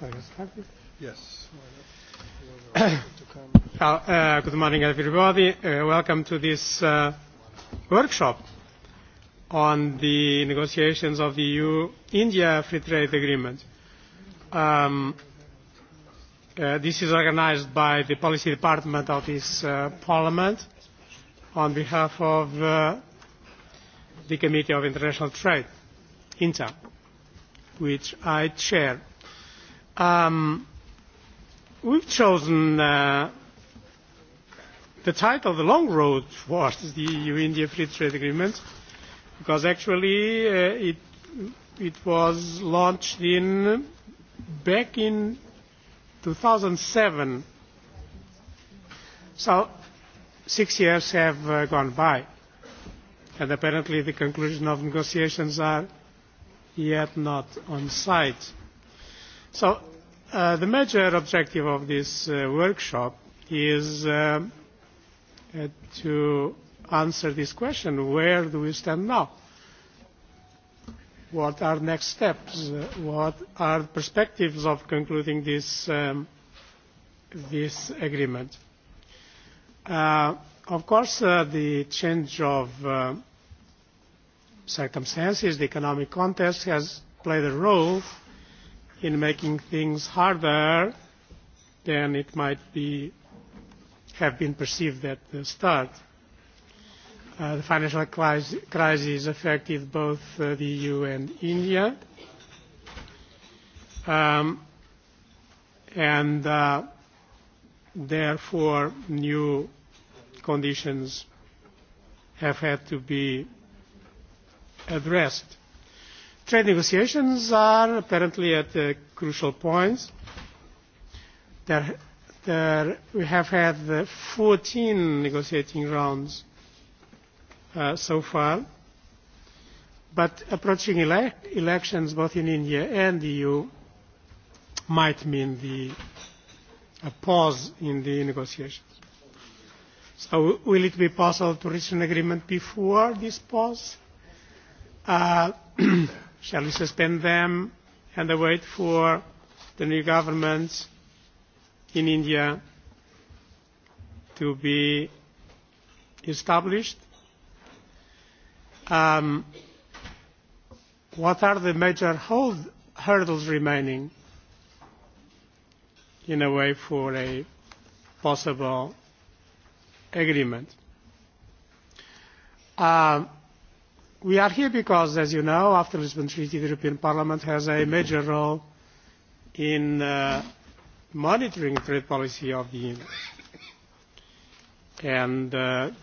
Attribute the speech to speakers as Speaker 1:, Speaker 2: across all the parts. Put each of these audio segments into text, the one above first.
Speaker 1: Good morning, everybody. Welcome to this workshop on the negotiations of the EU-India Free Trade Agreement. This is organized by the Policy Department of this Parliament on behalf of the Committee of International Trade, INTA, which I chair. We've chosen the title "The Long Road Towards the EU-India Free Trade Agreement" because actually it was launched in back in 2007. So six years have gone by, and apparently the conclusion of negotiations are yet not on site So the major objective of this workshop is to answer this question, where do we stand now? What are next steps? What are the perspectives of concluding this agreement? Of course, the change of circumstances, the economic context has played a role in making things harder than it might be have been perceived at the start. The financial crisis affected both the EU and India, and therefore new conditions have had to be addressed. Trade negotiations are apparently at a crucial point. We have had 14 negotiating rounds so far, but approaching elections both in India and the EU might mean the a pause in the negotiations. So will it be possible to reach an agreement before this pause? Shall we suspend them and await for the new governments in India to be established? What are the major hurdles remaining in a way for a possible agreement? We are here because, as you know, after the Lisbon Treaty, the European Parliament has a major role in monitoring trade policy of the Union. And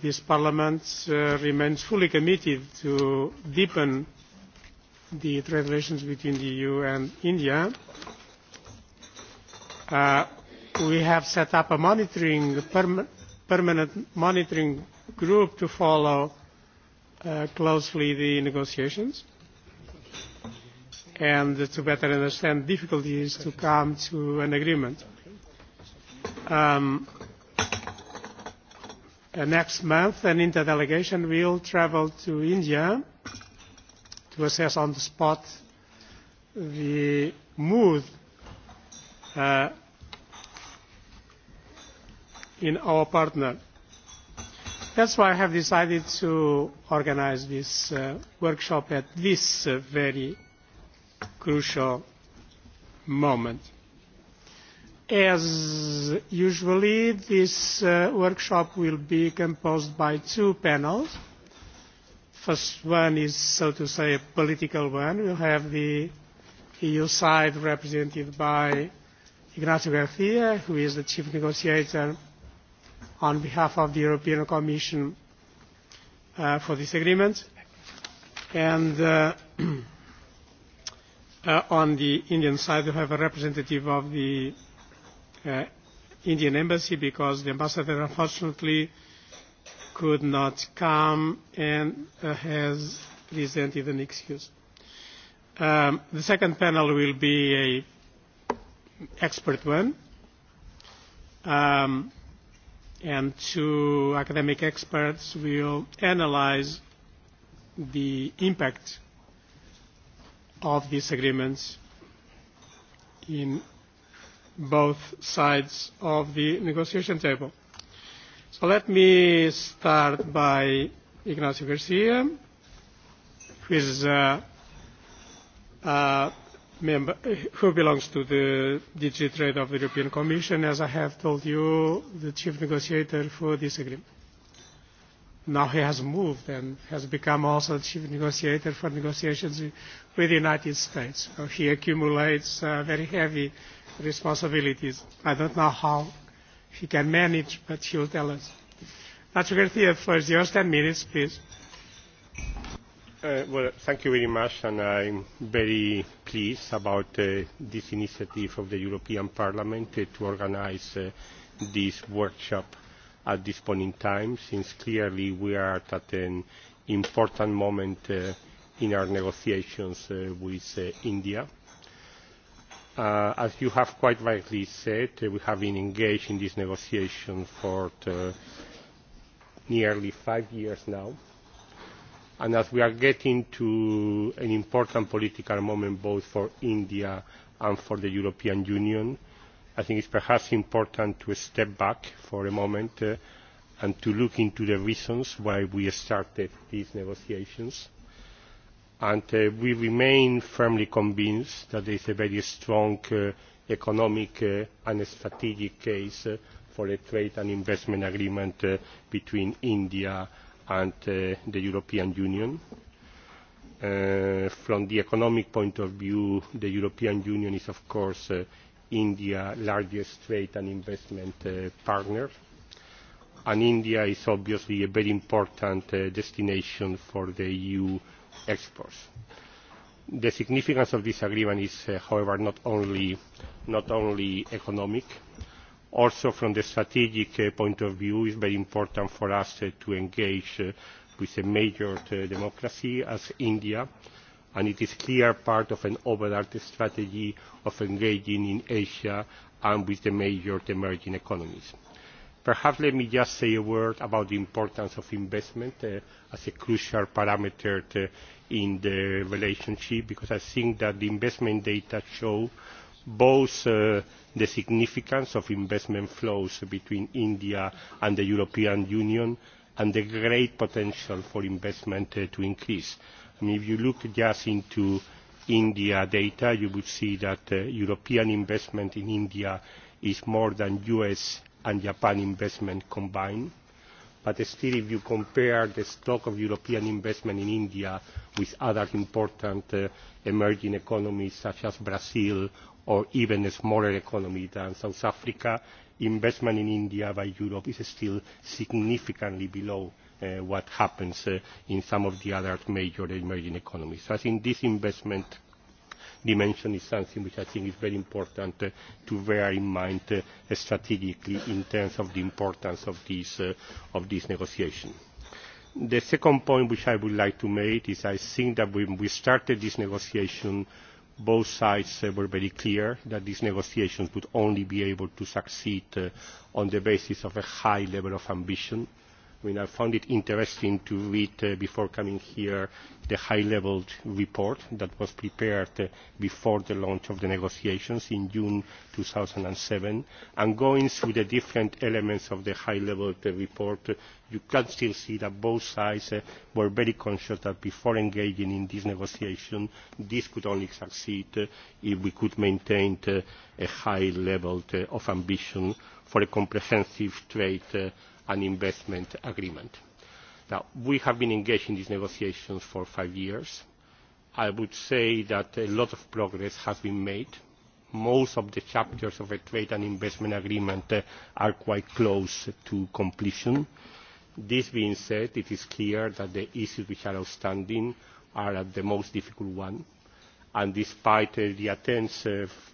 Speaker 1: this Parliament remains fully committed to deepen the trade relations between the EU and India. We have set up a monitoring, permanent monitoring group to follow closely the negotiations and to better understand difficulties to come to an agreement. Next month, an inter-delegation will travel to India to assess on the spot the mood in our partner That's why I have decided to organize this workshop at this very crucial moment. As usually, this workshop will be composed by two panels. First one is, so to say, a political one. We'll have the EU side represented by Ignacio Garcia, who is the chief negotiator on behalf of the European Commission for this agreement. And on the Indian side, we have a representative of the Indian Embassy because the ambassador, unfortunately, could not come and has presented an excuse. The second panel will be an expert one and two academic experts will analyze the impact of these agreements in both sides of the negotiation table. So let me start by Ignacio Garcia, who is Member, who belongs to the DG Trade of the European Commission, as I have told you, the chief negotiator for this agreement. Now he has moved and has become also the chief negotiator for negotiations with the United States. So he accumulates very heavy responsibilities. I don't know how he can manage, but he will tell us. Dr. Garcia, for minutes, please.
Speaker 2: Well, thank you very much, and am very pleased about this initiative of the European Parliament to organise this workshop at this point in time, since clearly we are at an important moment in our negotiations with India. As you have quite rightly said, we have been engaged in this negotiation for nearly five years now and as we are getting to an important political moment both for India and for the European Union, I think it is perhaps important to step back for a moment and to look into the reasons why we started these negotiations. And we remain firmly convinced that there is a very strong economic and strategic case for a trade and investment agreement between India and the European Union. From the economic point of view, the European Union is, of course, India's largest trade and investment partner, and India is obviously a very important destination for the EU exports. The significance of this agreement is, however, not only economic also from the strategic point of view it is very important for us to engage with a major democracy as india and it is clear part of an overall strategy of engaging in asia and with the major emerging economies. perhaps let me just say a word about the importance of investment as a crucial parameter in the relationship because i think that the investment data show both the significance of investment flows between India and the European Union and the great potential for investment to increase. If you look just into India data, you would see that European investment in India is more than US and Japan investment combined. But still, if you compare the stock of European investment in India with other important emerging economies such as Brazil or even a smaller economy than South Africa, investment in India by Europe is still significantly below what happens in some of the other major emerging economies. So I think this investment dimension is something which I think is very important to bear in mind strategically in terms of the importance of this negotiation. The second point which I would like to make is I think that when we started this negotiation both sides were very clear that these negotiations would only be able to succeed on the basis of a high level of ambition I found it interesting to read before coming here the high level report that was prepared before the launch of the negotiations in June 2007 and going through the different elements of the high level report you can still see that both sides were very conscious that before engaging in this negotiation this could only succeed if we could maintain a high level of ambition for a comprehensive trade an investment agreement. Now, we have been engaged in these negotiations for five years. I would say that a lot of progress has been made. Most of the chapters of a trade and investment agreement are quite close to completion. This being said, it is clear that the issues which are outstanding are the most difficult ones and despite the attempts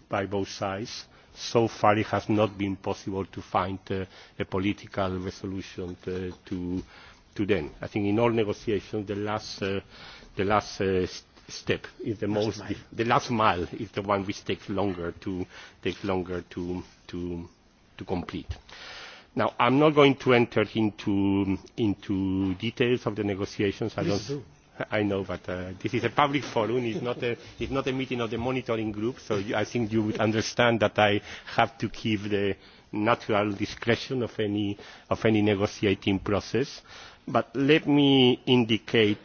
Speaker 2: by both sides, so far it has not been possible to find a political resolution to them. I think in all negotiations the last the last step is the most the last mile is the one which takes longer to takes longer to to to complete. Now I'm not going to enter into into details of the negotiations. I don't I know, but this is a public forum. It's not a not a meeting of the monitoring group, so I think you would understand that I have to keep the natural discretion of any of any negotiating process. But let me indicate,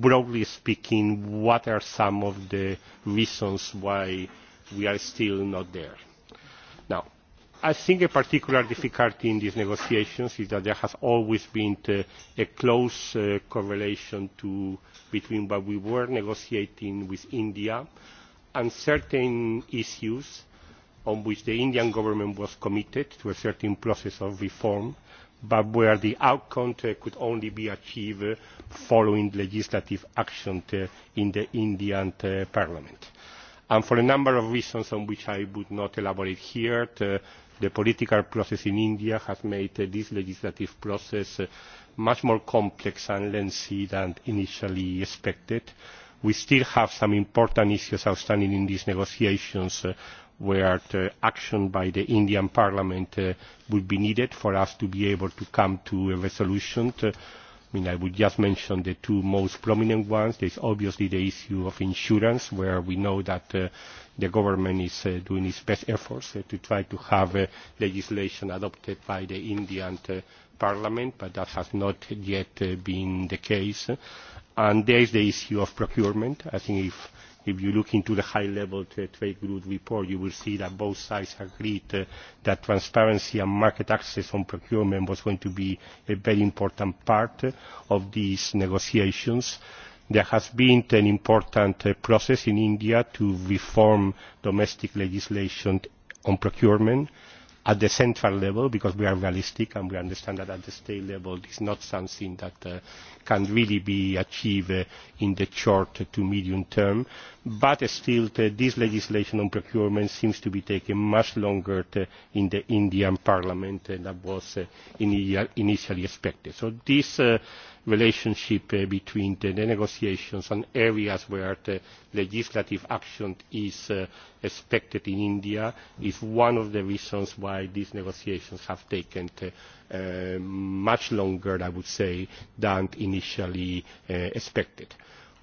Speaker 2: broadly speaking, what are some of the reasons why we are still not there I think a particular difficulty in these negotiations is that there has always been a close correlation between what we were negotiating with India and certain issues on which the Indian government was committed to a certain process of reform, but where the outcome could only be achieved following legislative action in the Indian Parliament. And for a number of reasons on which I would not elaborate here, The political process in India has made this legislative process much more complex and lengthy than initially expected. We still have some important issues outstanding in these negotiations where action by the Indian Parliament would be needed for us to be able to come to a resolution. I mean, I would just mention the two most prominent ones. There is obviously the issue of insurance, where we know that the government is doing its best efforts to try to have legislation adopted by the Indian Parliament, but that has not yet been the case. And there is the issue of procurement. I think if If you look into the high-level trade group report, you will see that both sides agreed that transparency and market access on procurement was going to be a very important part of these negotiations. There has been an important process in India to reform domestic legislation on procurement at the central level, because we are realistic and we understand that at the state level it is not something that can really be achieved in the short to medium term. But still, this legislation on procurement seems to be taking much longer in the Indian Parliament than was initially expected. So this relationship between the negotiations and areas where legislative action is expected in India is one of the reasons why these negotiations have taken much longer, I would say, than initially expected.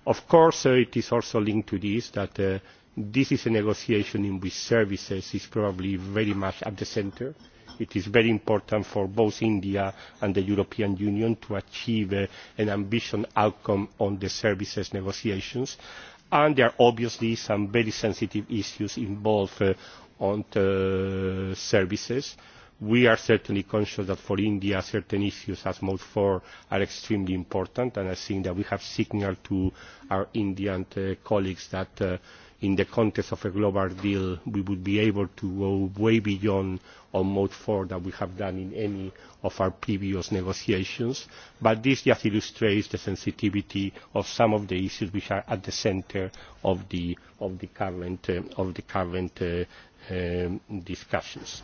Speaker 2: Of course, it is also linked to this that this is a negotiation in which services is probably very much at the centre it is very important for both India and the European Union to achieve an ambitious outcome on the services negotiations. And there are obviously some very sensitive issues involved on services. We are certainly conscious that for India certain issues as mode 4 are extremely important and I think that we have signalled to our Indian colleagues that in the context of a global deal we would be able to go way beyond on Mode four that we have done in any of our previous negotiations, but this just illustrates the sensitivity of some of the issues which are at the centre of the current discussions.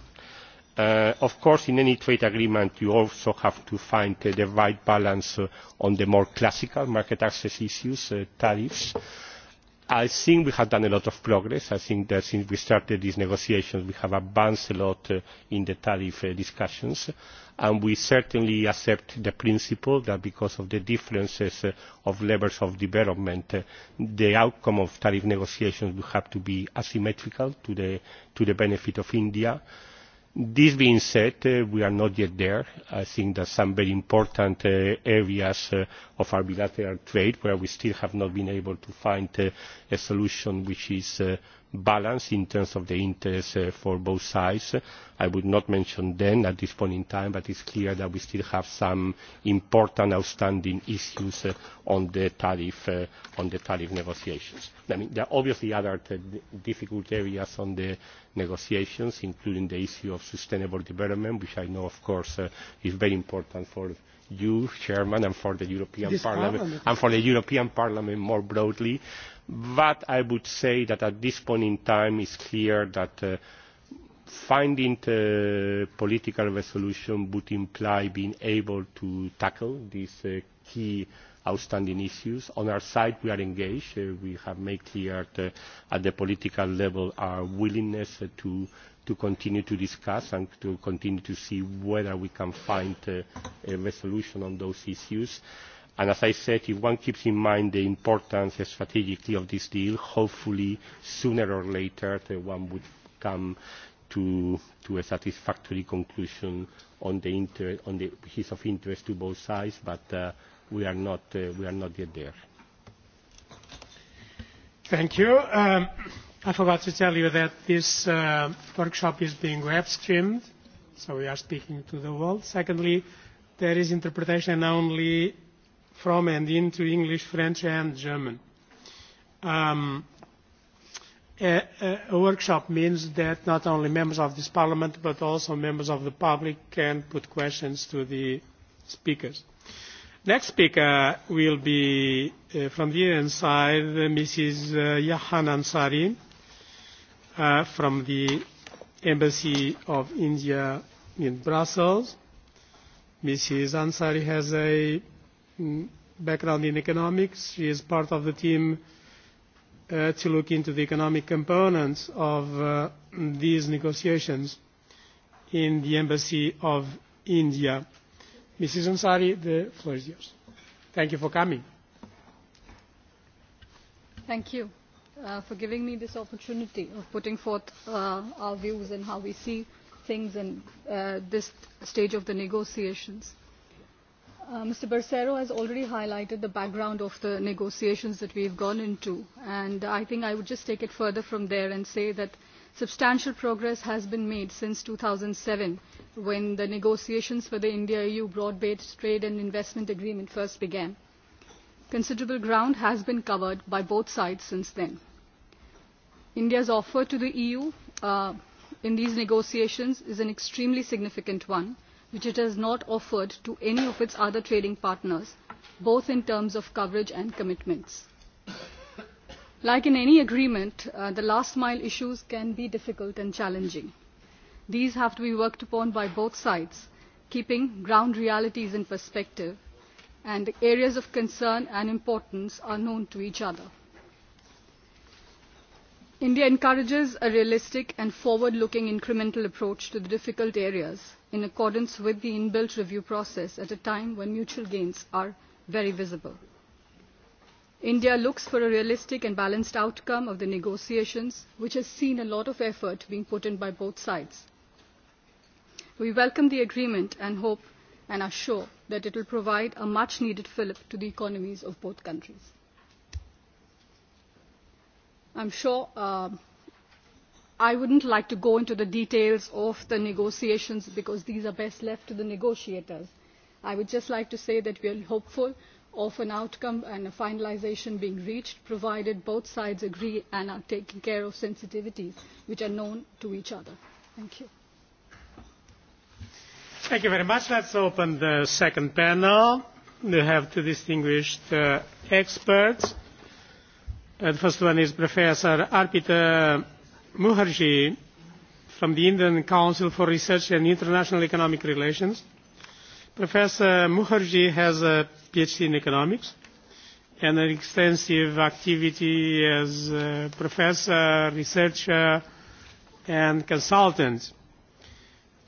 Speaker 2: Of course, in any trade agreement, you also have to find the right balance on the more classical market access issues, tariffs I think we have done a lot of progress. I think that since we started these negotiations, we have advanced a lot in the tariff discussions, and we certainly accept the principle that because of the differences of levels of development, the outcome of tariff negotiations will have to be asymmetrical to the benefit of India This being said, we are not yet there. I think that some very important areas of our bilateral trade where we still have not been able to find a solution which is balance in terms of the interests for both sides. I would not mention them at this point in time, but it is clear that we still have some important outstanding issues on the tariff negotiations. There are obviously other difficult areas on the negotiations, including the issue of sustainable development, which I know, of course, is very important for you, Chairman, and for the European Parliament, and for the European Parliament more broadly. But I would say that at this point in time, it's clear that finding a political resolution would imply being able to tackle these key outstanding issues. On our side, we are engaged. We have made clear at the political level our willingness to to continue to discuss and to continue to see whether we can find a resolution on those issues. And as I said, if one keeps in mind the importance strategically of this deal, hopefully sooner or later one would come to a satisfactory conclusion on the piece of interest to both sides, but we are not yet there.
Speaker 1: Thank you. I forgot to tell you that this workshop is being web streamed, so we are speaking to the world. Secondly, there is interpretation only from and into English, French and German. A workshop means that not only members of this Parliament but also members of the public can put questions to the speakers. Next speaker will be from the inside, side, Mrs. Yahan Ansari from the Embassy of India in Brussels. Mrs. Ansari has a background in economics. She is part of the team to look into the economic components of these negotiations in the Embassy of India. Mrs. Ansari, the floor is yours. Thank you for coming.
Speaker 3: Thank you for giving me this opportunity of putting forth our views and how we see things in this stage of the negotiations. Mr. Bercero has already highlighted the background of the negotiations that we have gone into, and I think I would just take it further from there and say that substantial progress has been made since 2007, when the negotiations for the India-EU Broad-Based Trade and Investment Agreement first began. Considerable ground has been covered by both sides since then. India's offer to the EU in these negotiations is an extremely significant one, which it has not offered to any of its other trading partners, both in terms of coverage and commitments. Like in any agreement, the last mile issues can be difficult and challenging. These have to be worked upon by both sides, keeping ground realities in perspective, and the areas of concern and importance are known to each other. India encourages a realistic and forward-looking incremental approach to the difficult areas in accordance with the inbuilt review process at a time when mutual gains are very visible. India looks for a realistic and balanced outcome of the negotiations, which has seen a lot of effort being put in by both sides. We welcome the agreement and hope and are sure that it will provide a much-needed fillip to the economies of both countries. I'm sure I wouldn't like to go into the details of the negotiations because these are best left to the negotiators. I would just like to say that we are hopeful of an outcome and a finalisation being reached, provided both sides agree and are taking care of sensitivities which are known to each other. Thank you.
Speaker 1: Thank you very much. Let's open the second panel. We have two distinguished experts. The first one is Professor Arpita Mukherjee from the Indian Council for Research and International Economic Relations. Professor Mukherjee has a PhD in economics and an extensive activity as professor, researcher and consultant.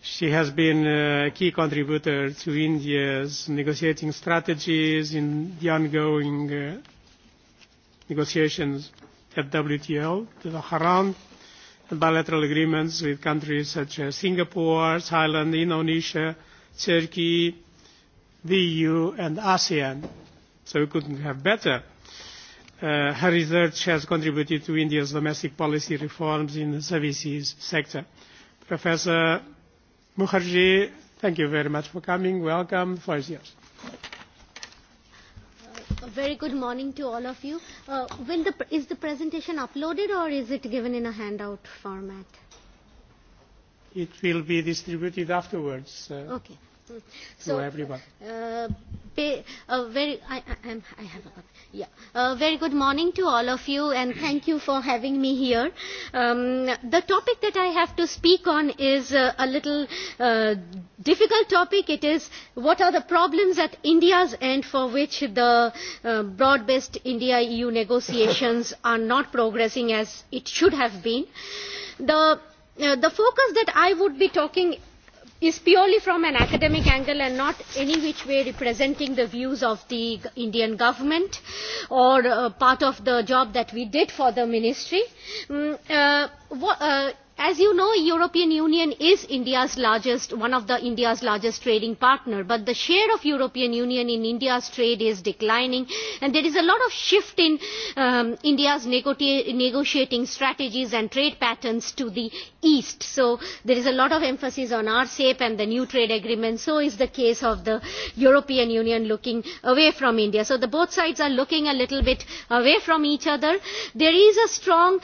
Speaker 1: She has been a key contributor to India's negotiating strategies in the ongoing negotiations at WTO, to the Haran, and bilateral agreements with countries such as Singapore, Thailand, Indonesia, Turkey, the EU, and ASEAN. So we couldn't have better. Her research has contributed to India's domestic policy reforms in the services sector. Professor Mukherjee, thank you very much for coming. Welcome. The floor
Speaker 4: Very good morning to all of you. Will the is the presentation uploaded or is it given in a handout format?
Speaker 1: It will be distributed afterwards. Okay.
Speaker 4: So everyone. Very, I have a yeah. Very good morning to all of you and thank you for having me here. The topic that I have to speak on is a little difficult topic. It is what are the problems at India's end for which the broad-based India-EU negotiations are not progressing as it should have been. The focus that I would be talking is purely from an academic angle and not any which way representing the views of the Indian government or part of the job that we did for the ministry As you know, European Union is India's largest, one of the India's largest trading partner, but the share of European Union in India's trade is declining, and there is a lot of shift in India's negotiating strategies and trade patterns to the east. So there is a lot of emphasis on RCEP and the new trade agreement. So is the case of the European Union looking away from India. So the both sides are looking a little bit away from each other. There is a strong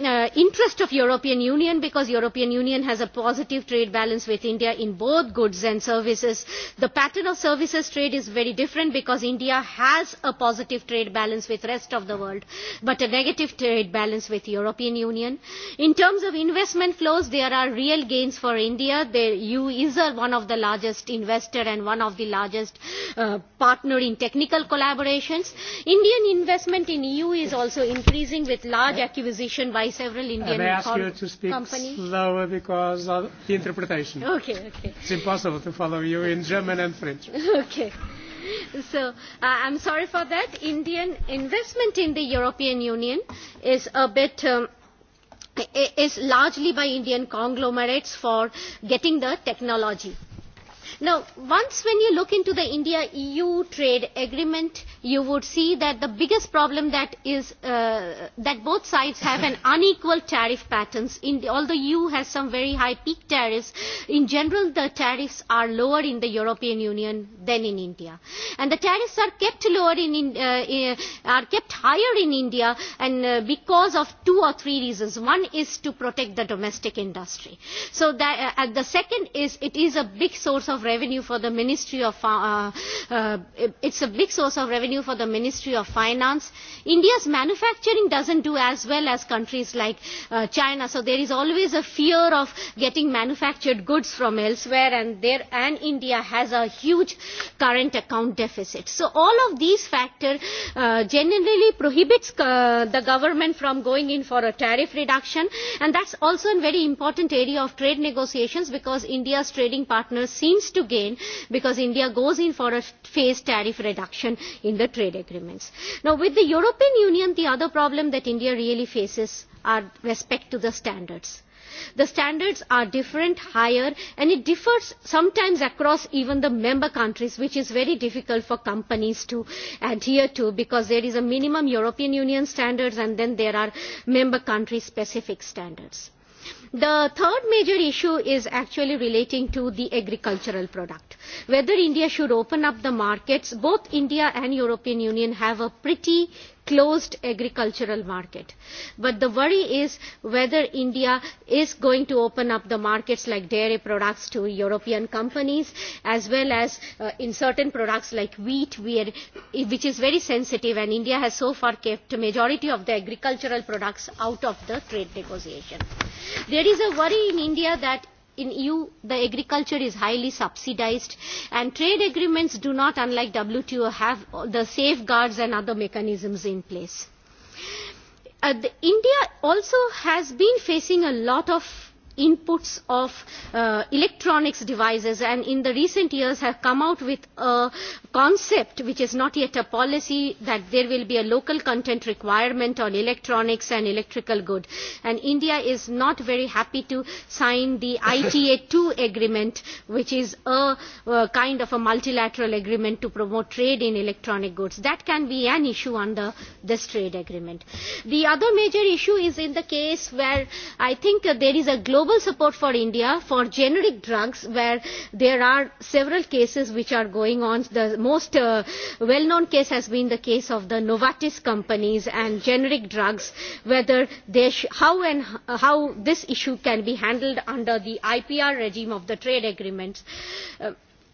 Speaker 4: interest of European Union because European Union has a positive trade balance with India in both goods and services. The pattern of services trade is very different because India has a positive trade balance with the rest of the world but a negative trade balance with the European Union. In terms of investment flows there are real gains for India. The EU is one of the largest investors and one of the largest partners in technical collaborations. Indian investment in EU is also increasing with large acquisition by several Indian companies
Speaker 1: speak slower because of the interpretation. Okay, okay. It's impossible to follow you in German and French.
Speaker 4: Okay. So I'm sorry for that. Indian investment in the European Union is a bit is largely by Indian conglomerates for getting the technology Now, once when you look into the India-EU trade agreement, you would see that the biggest problem that is that both sides have an unequal tariff patterns. Although EU has some very high peak tariffs, in general the tariffs are lower in the European Union than in India, and the tariffs are kept lower in are kept higher in India, and because of two or three reasons. One is to protect the domestic industry. So that the second is it is a big source of revenue for the Ministry of it's a big source of revenue for the Ministry of Finance. India's manufacturing doesn't do as well as countries like China, so there is always a fear of getting manufactured goods from elsewhere, and there and India has a huge current account deficit. So all of these factors generally prohibits the government from going in for a tariff reduction, and that's also a very important area of trade negotiations because India's trading partners seems to to gain because India goes in for a phase tariff reduction in the trade agreements. Now, with the European Union, the other problem that India really faces are respect to the standards. The standards are different, higher, and it differs sometimes across even the member countries, which is very difficult for companies to adhere to because there is a minimum European Union standards and then there are member country specific standards. The third major issue is actually relating to the agricultural product. Whether India should open up the markets, both India and European Union have a pretty closed agricultural market. But the worry is whether India is going to open up the markets like dairy products to European companies as well as in certain products like wheat which is very sensitive and India has so far kept the majority of the agricultural products out of the trade negotiation there is a worry in India that in EU the agriculture is highly subsidized and trade agreements do not, unlike WTO, have the safeguards and other mechanisms in place. India also has been facing a lot of inputs of electronics devices and in the recent years have come out with a concept which is not yet a policy that there will be a local content requirement on electronics and electrical goods and India is not very happy to sign the ITA2 agreement which is a kind of a multilateral agreement to promote trade in electronic goods. That can be an issue under this trade agreement. The other major issue is in the case where I think there is a global global support for India for generic drugs where there are several cases which are going on. The most well-known case has been the case of the Novartis companies and generic drugs, whether how and how this issue can be handled under the IPR regime of the trade agreements.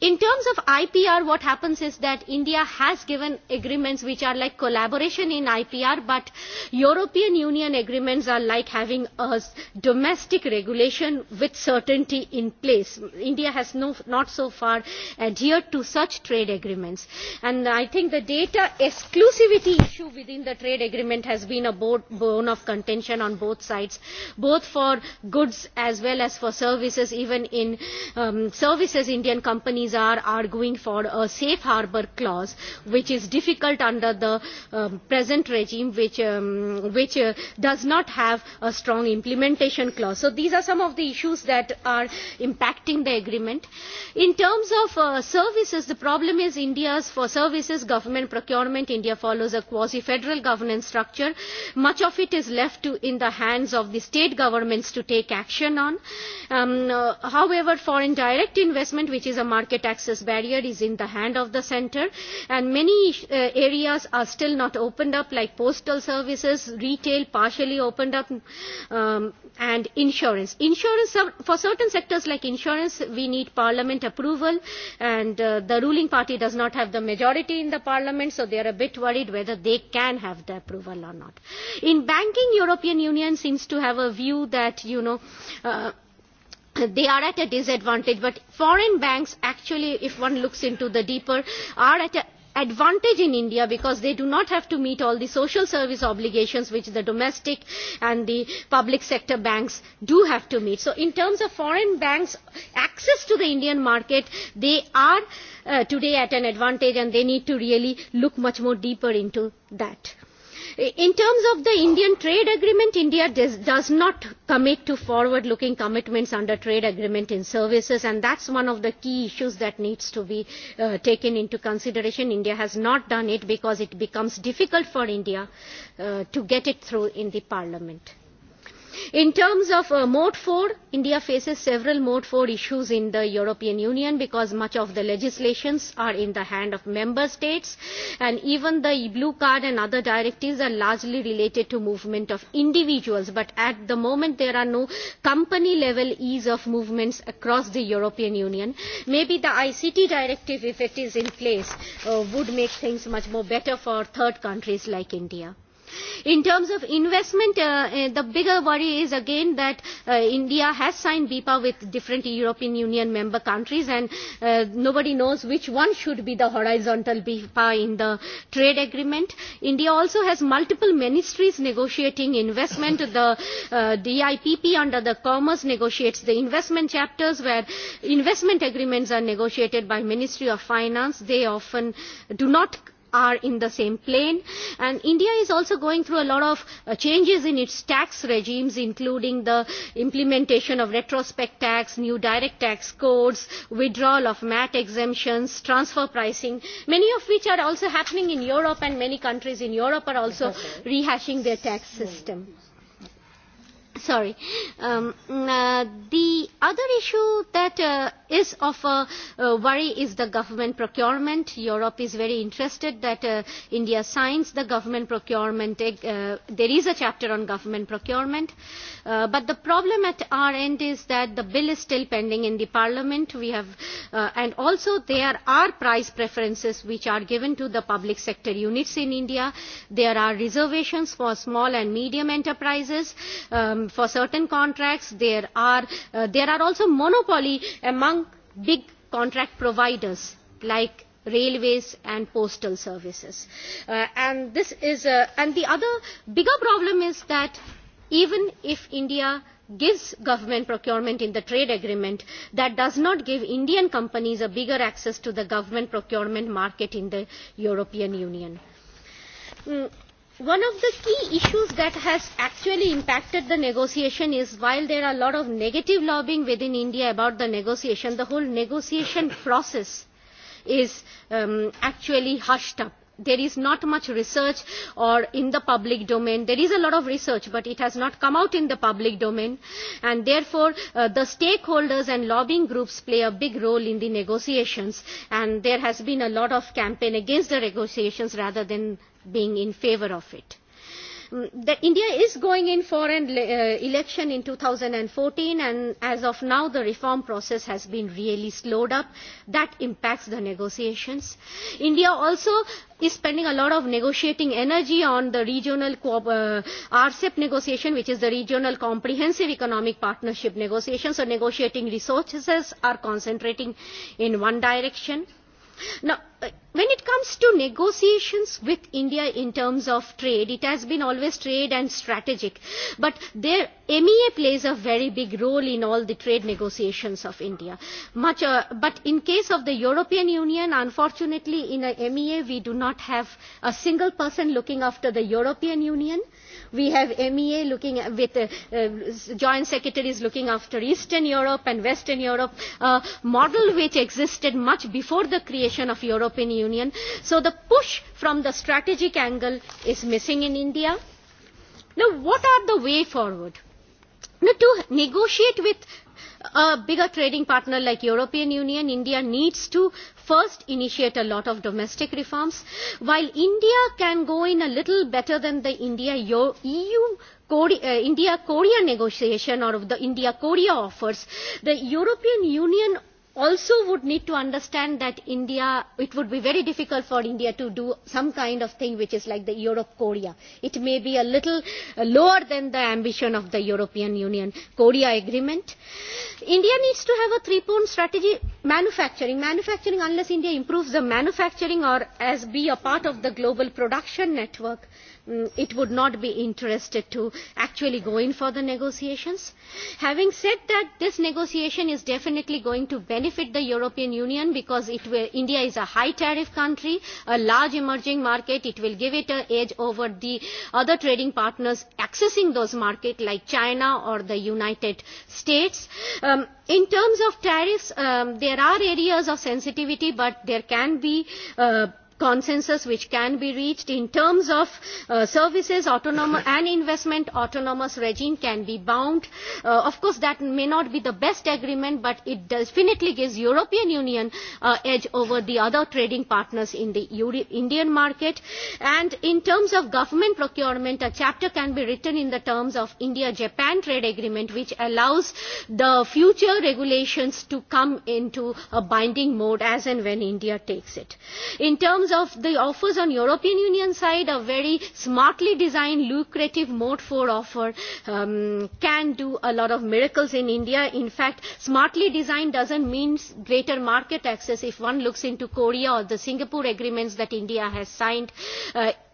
Speaker 4: In terms of IPR, what happens is that India has given agreements which are like collaboration in IPR, but European Union agreements are like having a domestic regulation with certainty in place. India has not so far adhered to such trade agreements. And I think the data exclusivity issue within the trade agreement has been a bone of contention on both sides, both for goods as well as for services. Even in services, Indian companies are arguing for a safe harbor clause which is difficult under the present regime which does not have a strong implementation clause. So these are some of the issues that are impacting the agreement. In terms of services, the problem is India's for services, government procurement, India follows a quasi-federal governance structure. Much of it is left in the hands of the state governments to take action on. However, foreign direct investment, which is a market market access barrier is in the hand of the centre and many areas are still not opened up like postal services, retail partially opened up and insurance. Insurance for certain sectors like insurance we need parliament approval and the ruling party does not have the majority in the parliament so they are a bit worried whether they can have the approval or not. In banking European Union seems to have a view that you know they are at a disadvantage but foreign banks actually if one looks into the deeper are at an advantage in india because they do not have to meet all the social service obligations which the domestic and the public sector banks do have to meet so in terms of foreign banks access to the indian market they are today at an advantage and they need to really look much more deeper into that In terms of the Indian trade agreement, India does not commit to forward-looking commitments under trade agreement in services, and that's one of the key issues that needs to be taken into consideration. India has not done it because it becomes difficult for India to get it through in the Parliament. In terms of Mode 4, India faces several Mode 4 issues in the European Union because much of the legislations are in the hand of member states and even the blue card and other directives are largely related to movement of individuals but at the moment there are no company level ease of movements across the European Union. Maybe the ICT directive if it is in place would make things much more better for third countries like India. In terms of investment, the bigger worry is again that India has signed BIPA with different European Union member countries and nobody knows which one should be the horizontal BIPA in the trade agreement. India also has multiple ministries negotiating investment. The DIPP under the Commerce negotiates the investment chapters where investment agreements are negotiated by Ministry of Finance. They often do not are in the same plane and india is also going through a lot of changes in its tax regimes including the implementation of retrospect tax new direct tax codes withdrawal of mat exemptions transfer pricing many of which are also happening in europe and many countries in europe are also rehashing their tax system Sorry. The other issue that is of a worry is the government procurement. Europe is very interested that India signs the government procurement. There is a chapter on government procurement. But the problem at our end is that the bill is still pending in the Parliament. We have, and also there are price preferences which are given to the public sector units in India. There are reservations for small and medium enterprises for certain contracts there are there are also monopoly among big contract providers like railways and postal services and this is and the other bigger problem is that even if india gives government procurement in the trade agreement that does not give indian companies a bigger access to the government procurement market in the european union One of the key issues that has actually impacted the negotiation is while there are a lot of negative lobbying within India about the negotiation, the whole negotiation process is actually hushed up. There is not much research or in the public domain. There is a lot of research, but it has not come out in the public domain. And therefore, the stakeholders and lobbying groups play a big role in the negotiations. And there has been a lot of campaign against the negotiations rather than being in favour of it. India is going in for an election in 2014 and as of now the reform process has been really slowed up. That impacts the negotiations. India also is spending a lot of negotiating energy on the regional RCEP negotiation which is the regional comprehensive economic partnership negotiation. So negotiating resources are concentrating in one direction. Now when it comes to negotiations with India in terms of trade, it has been always trade and strategic. But their MEA plays a very big role in all the trade negotiations of India. But in case of the European Union, unfortunately, in a MEA, we do not have a single person looking after the European Union. We have MEA looking with joint secretaries looking after Eastern Europe and Western Europe, a model which existed much before the creation of Europe European Union. So the push from the strategic angle is missing in India. Now, what are the way forward? Now, to negotiate with a bigger trading partner like European Union, India needs to first initiate a lot of domestic reforms. While India can go in a little better than the India-Korea negotiation or the India-Korea offers, the European Union also would need to understand that India, it would be very difficult for India to do some kind of thing which is like the Europe Korea. It may be a little lower than the ambition of the European Union Korea agreement. India needs to have a three point strategy, manufacturing. Manufacturing, unless India improves the manufacturing or as be a part of the global production network, it would not be interested to actually go in for the negotiations. Having said that, this negotiation is definitely going to benefit the European Union because India is a high tariff country, a large emerging market. It will give it an edge over the other trading partners accessing those markets like China or the United States. In terms of tariffs, there are areas of sensitivity, but there can be consensus which can be reached in terms of services and investment autonomous regime can be bound. Of course, that may not be the best agreement, but it definitely gives European Union edge over the other trading partners in the Indian market. And in terms of government procurement, a chapter can be written in the terms of India-Japan trade agreement, which allows the future regulations to come into a binding mode as and when India takes it. In terms of the offers on European Union side, a very smartly designed, lucrative mode for offer can do a lot of miracles in India. In fact, smartly designed doesn't mean greater market access. If one looks into Korea or the Singapore agreements that India has signed,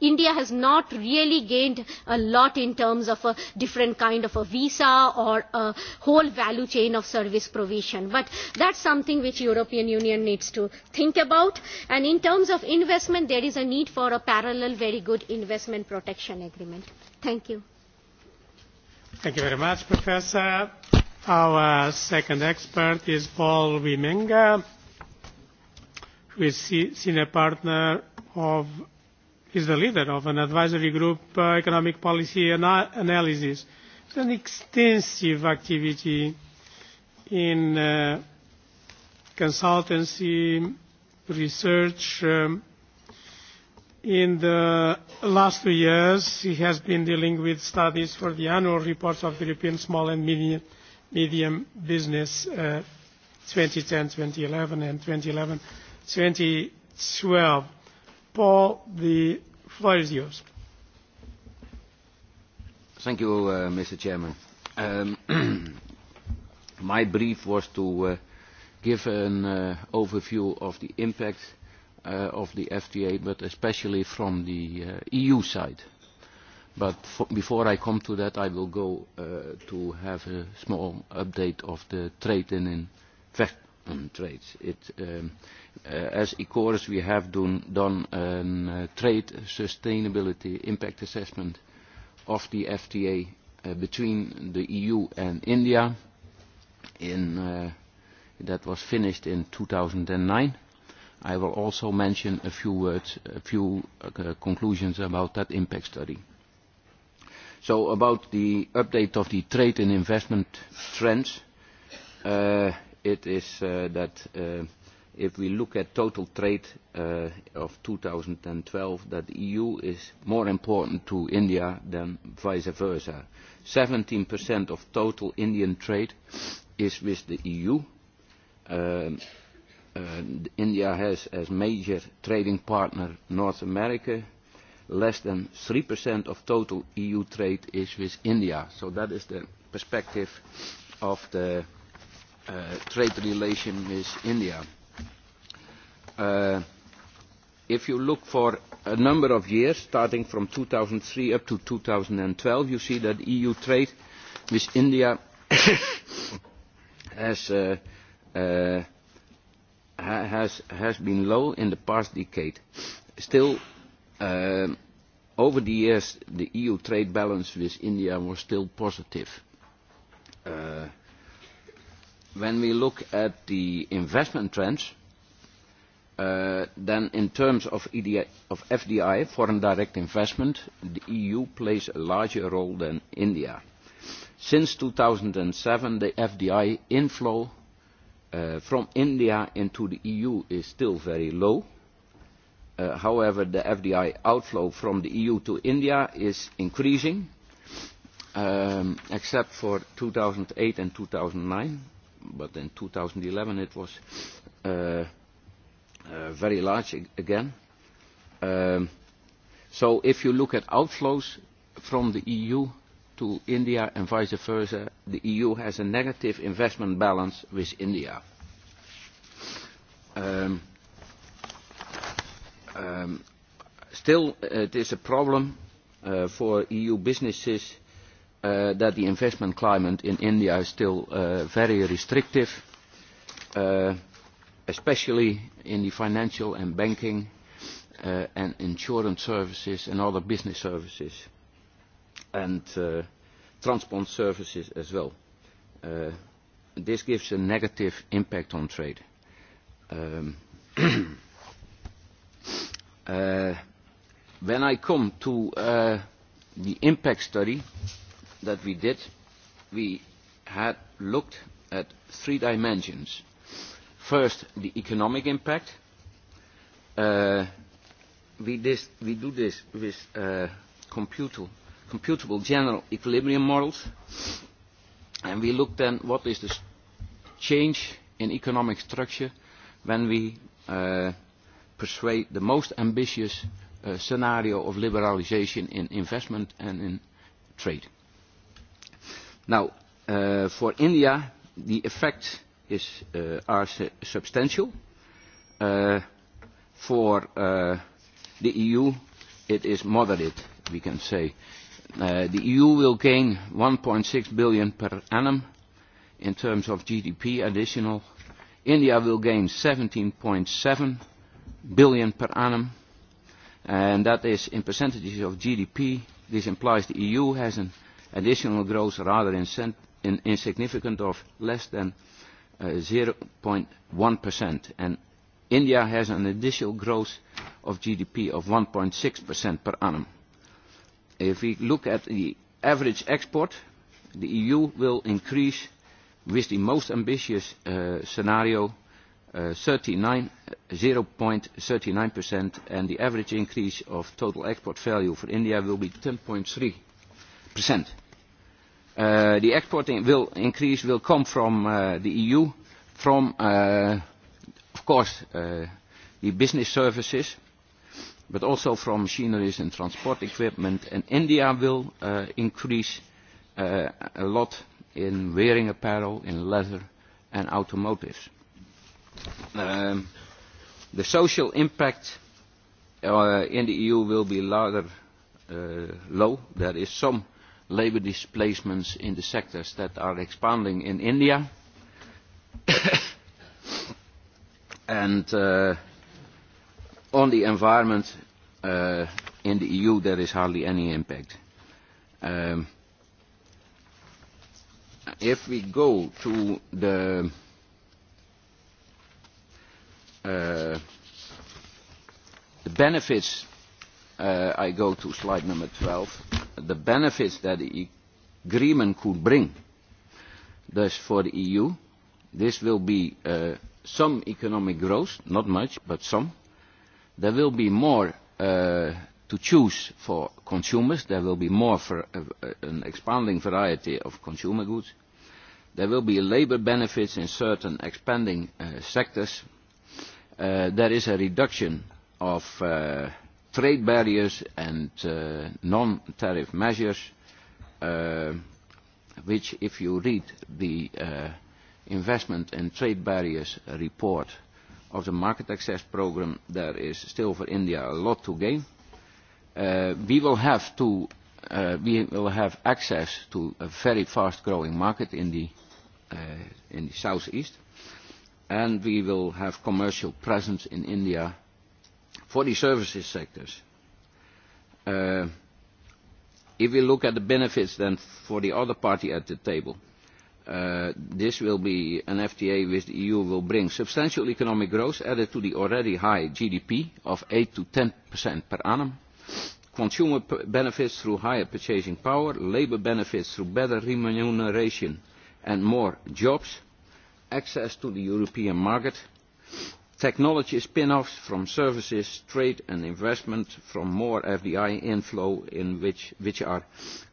Speaker 4: India has not really gained a lot in terms of a different kind of a visa or a whole value chain of service provision. But that's something which European Union needs to think about. And in terms of investment, there is a need for a parallel very good investment protection agreement. Thank you.
Speaker 1: Thank you very much, Professor. Our second expert is Paul Wimenga, who is senior partner of, is the leader of an advisory group, Economic Policy Analysis. It's an extensive activity in consultancy, research, In the last two years, he has been dealing with studies for the annual reports of European Small and Medium Business 2010-2011 and 2011-2012. Paul, the floor is yours.
Speaker 5: Thank you, Mr. Chairman. My brief was to give an overview of the impact of the FTA, but especially from the EU side. But before I come to that, I will go to have a small update of the trade and investment trades. As ECORES, we have done a trade sustainability impact assessment of the FTA between the EU and India. That was finished in 2009 I will also mention a few words, a few conclusions about that impact study. So about the update of the trade and investment trends, it is that if we look at total trade of 2012, that the EU is more important to India than vice versa. 17% of total Indian trade is with the EU India has as major trading partner North America. Less than 3% of total EU trade is with India. So that is the perspective of the trade relation with India. If you look for a number of years, starting from 2003 up to 2012, you see that EU trade with India has has has been low in the past decade. Still, over the years, the EU trade balance with India was still positive. When we look at the investment trends, then in terms of FDI, foreign direct investment, the EU plays a larger role than India. Since 2007, the FDI inflow from India into the EU is still very low. However, the FDI outflow from the EU to India is increasing, except for 2008 and 2009, but in 2011 it was very large again. So if you look at outflows from the EU, to India and vice versa, the EU has a negative investment balance with India. Still, it is a problem for EU businesses that the investment climate in India is still very restrictive, especially in the financial and banking and insurance services and other business services and transport services as well. This gives a negative impact on trade. When I come to the impact study that we did, we had looked at three dimensions. First, the economic impact. We do this with computer computable general equilibrium models. And we looked then what is the change in economic structure when we persuade the most ambitious scenario of liberalisation in investment and in trade. Now, for India, the effects are substantial. For the EU, it is moderate, we can say. The EU will gain EUR 1.6 billion per annum in terms of GDP additional. India will gain 17.7 billion per annum, and that is in percentages of GDP. This implies the EU has an additional growth rather insignificant of less than 0.1%, and India has an additional growth of GDP of 1.6% per annum. If we look at the average export, the EU will increase with the most ambitious scenario 0.39% and the average increase of total export value for India will be 10.3%. The export will increase will come from the EU, from, of course, the business services but also from machineries and transport equipment. And India will increase a lot in wearing apparel, in leather and automotives. The social impact in the EU will be rather low. There is some labor displacements in the sectors that are expanding in India. And on the environment in the EU there is hardly any impact. If we go to the benefits, I go to slide number 12, the benefits that the agreement could bring, thus for the EU, this will be some economic growth, not much, but some There will be more to choose for consumers. There will be more for an expanding variety of consumer goods. There will be labour benefits in certain expanding sectors. There is a reduction of trade barriers and non-tariff measures, which if you read the investment and trade barriers report of the market access program, there is still for India a lot to gain. We will have to we will have access to a very fast-growing market in the in the southeast, and we will have commercial presence in India for the services sectors. If we look at the benefits then for the other party at the table This will be an FTA with the EU will bring substantial economic growth added to the already high GDP of 8 to 10% per annum, consumer benefits through higher purchasing power, labour benefits through better remuneration and more jobs, access to the European market, technology spin-offs from services, trade and investment from more FDI inflow in which are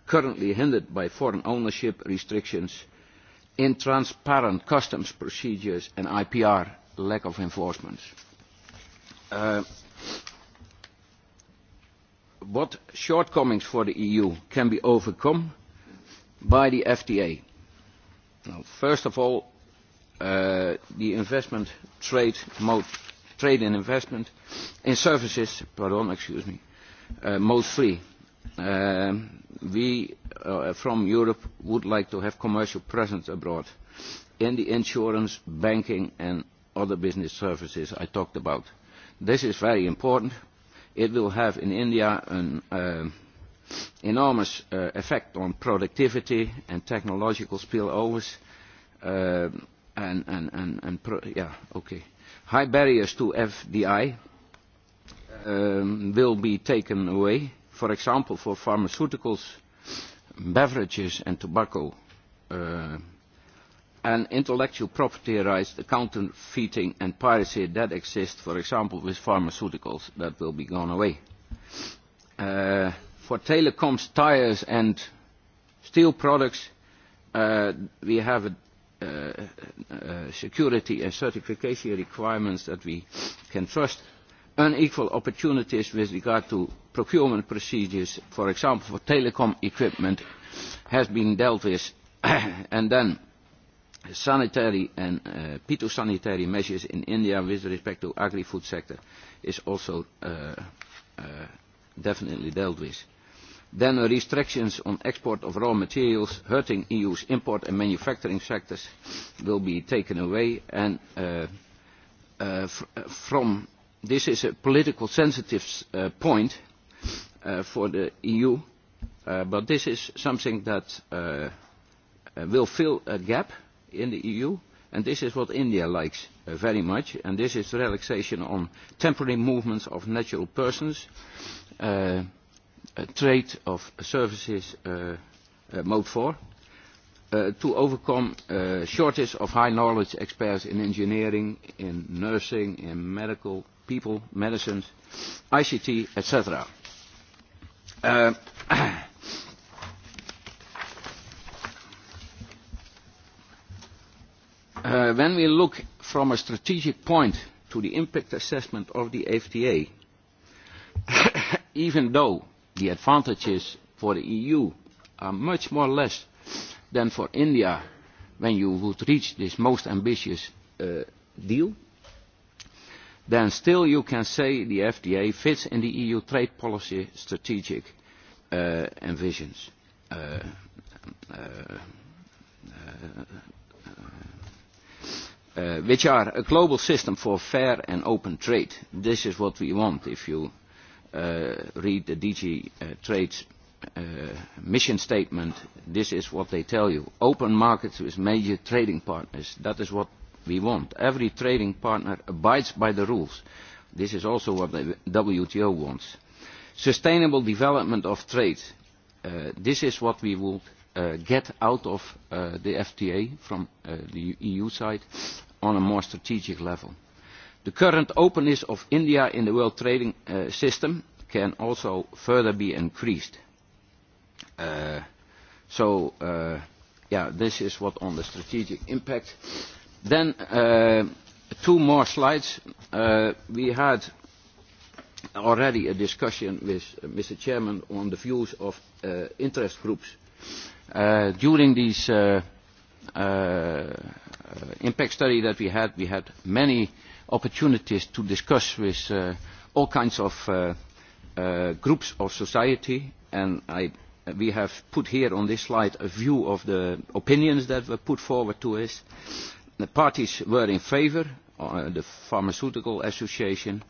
Speaker 5: currently hindered by foreign ownership restrictions in transparent customs procedures and IPR lack of enforcement. What shortcomings for the EU can be overcome by the FTA? First of all, the investment trade mode trade and investment in services pardon excuse me mode we from Europe would like to have commercial presence abroad in the insurance, banking and other business services I talked about. This is very important. It will have in India an enormous effect on productivity and technological spillovers and yeah okay. High barriers to FDI will be taken away for example, for pharmaceuticals, beverages and tobacco, and intellectual property rights, the counterfeiting and piracy that exist, for example, with pharmaceuticals, that will be gone away. For telecoms, tires and steel products, we have security and certification requirements that we can trust unequal opportunities with regard to procurement procedures, for example, for telecom equipment, has been dealt with, and then sanitary and sanitary measures in India with respect to agri-food sector is also definitely dealt with. Then restrictions on export of raw materials hurting EU's import and manufacturing sectors will be taken away and from this is a political sensitive point for the EU, but this is something that will fill a gap in the EU, and this is what India likes very much, and this is relaxation on temporary movements of natural persons, trade of services, mode 4, to overcome shortage of high knowledge experts in engineering, in nursing, in medical people medicines, ict etc. when we look from a strategic point to the impact assessment of the fta even though the advantages for the eu are much more less than for india when you would reach this most ambitious deal then still you can say the FTA fits in the EU trade policy strategic envisions. Which are a global system for fair and open trade. This is what we want. If you read the DG Trade's mission statement, this is what they tell you. Open markets with major trading partners. That is what we want. Every trading partner abides by the rules. This is also what the WTO wants. Sustainable development of trade. This is what we will get out of the FTA from the EU side on a more strategic level. The current openness of India in the world trading system can also further be increased. So, yeah, this is what on the strategic impact. Then two more slides. We had already a discussion with Mr. Chairman on the views of interest groups. During this impact study that we had, we had many opportunities to discuss with all kinds of groups of society, and we have put here on this slide a view of the opinions that were put forward to us. The parties were in favour, the Pharmaceutical Association.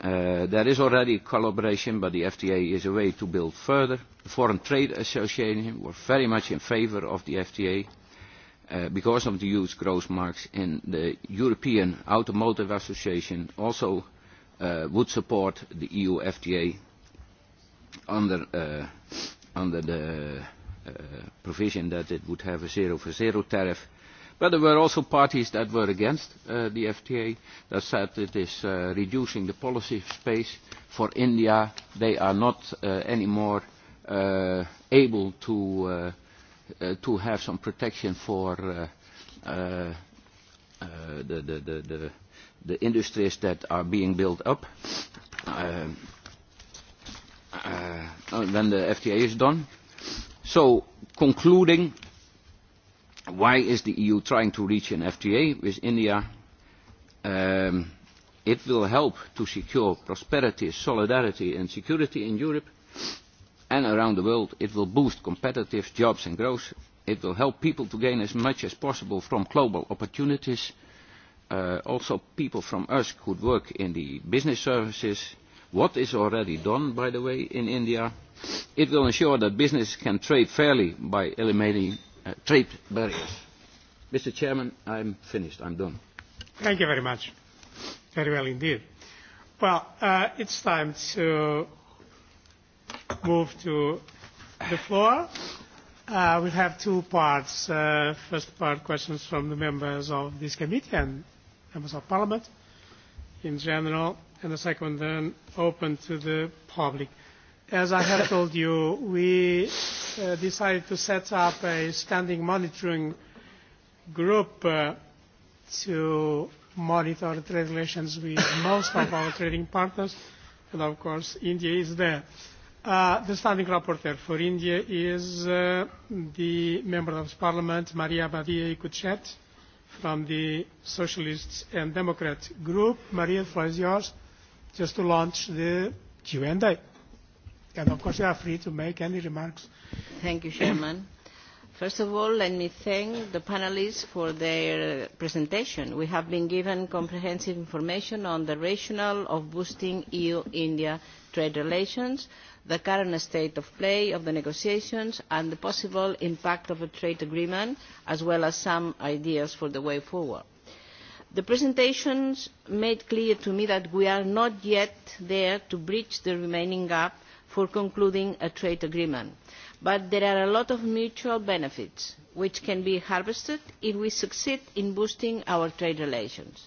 Speaker 5: There is already collaboration, but the FTA is a way to build further. The Foreign Trade Association were very much in favour of the FTA because of the huge growth marks, in the European Automotive Association also would support the EU FTA under the provision that it would have a zero-for-zero tariff But there were also parties that were against the FTA, that said it is reducing the policy space for India. They are not anymore able to have some protection for the industries that are being built up when the FTA is done. So, concluding Why is the EU trying to reach an FTA with India? It will help to secure prosperity, solidarity and security in Europe and around the world. It will boost competitive jobs and growth. It will help people to gain as much as possible from global opportunities. Also people from us could work in the business services. What is already done, by the way, in India. It will ensure that business can trade fairly by eliminating trade barriers. Mr. Chairman, I'm finished. I'm done.
Speaker 1: Thank you very much. Very well indeed. Well, it's time to move to the floor. We'll have two parts. First part, questions from the members of this committee and members of parliament in general, and the second then open to the public. As I have told you, we decided to set up a standing monitoring group to monitor trade relations with most of our trading partners, and of course India is there. The standing rapporteur for India is the Member of Parliament, Maria Badia Ikuchet, from the Socialists and Democrats Group. Maria, the floor is yours, just to launch the Q&A. And of course, you are free to make any
Speaker 6: remarks. Thank you, Chairman. First of all, let me thank the panelists for their presentation. We have been given comprehensive information on the rationale of boosting EU-India trade relations, the current state of play of the negotiations, and the possible impact of a trade agreement, as well as some ideas for the way forward. The presentations made clear to me that we are not yet there to bridge the remaining gap for concluding a trade agreement. But there are a lot of mutual benefits which can be harvested if we succeed in boosting our trade relations.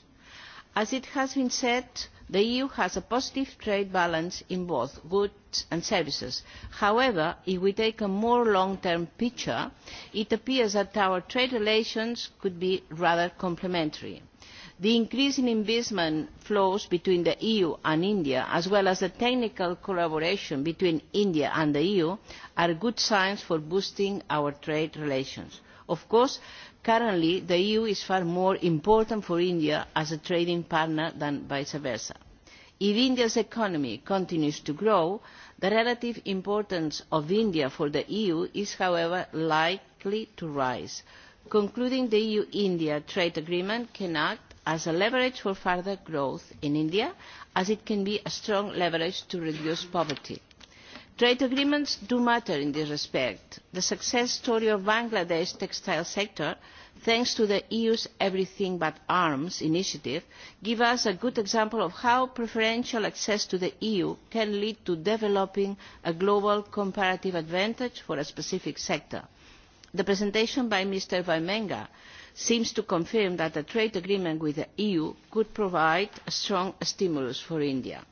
Speaker 6: As it has been said, the EU has a positive trade balance in both goods and services. However, if we take a more long-term picture, it appears that our trade relations could be rather complementary. The increase in investment flows between the EU and India, as well as the technical collaboration between India and the EU, are good signs for boosting our trade relations. Of course, currently the EU is far more important for India as a trading partner than vice versa. If India's economy continues to grow, the relative importance of India for the EU is, however, likely to rise. Concluding the EU-India trade agreement cannot as a leverage for further growth in India, as it can be a strong leverage to reduce poverty. Trade agreements do matter in this respect. The success story of Bangladesh's textile sector, thanks to the EU's Everything But Arms initiative, gives us a good example of how preferential access to the EU can lead to developing a global comparative advantage for a specific sector. The presentation by Mr. Vaimenga seems to confirm that a trade agreement with the EU could provide a strong stimulus for India.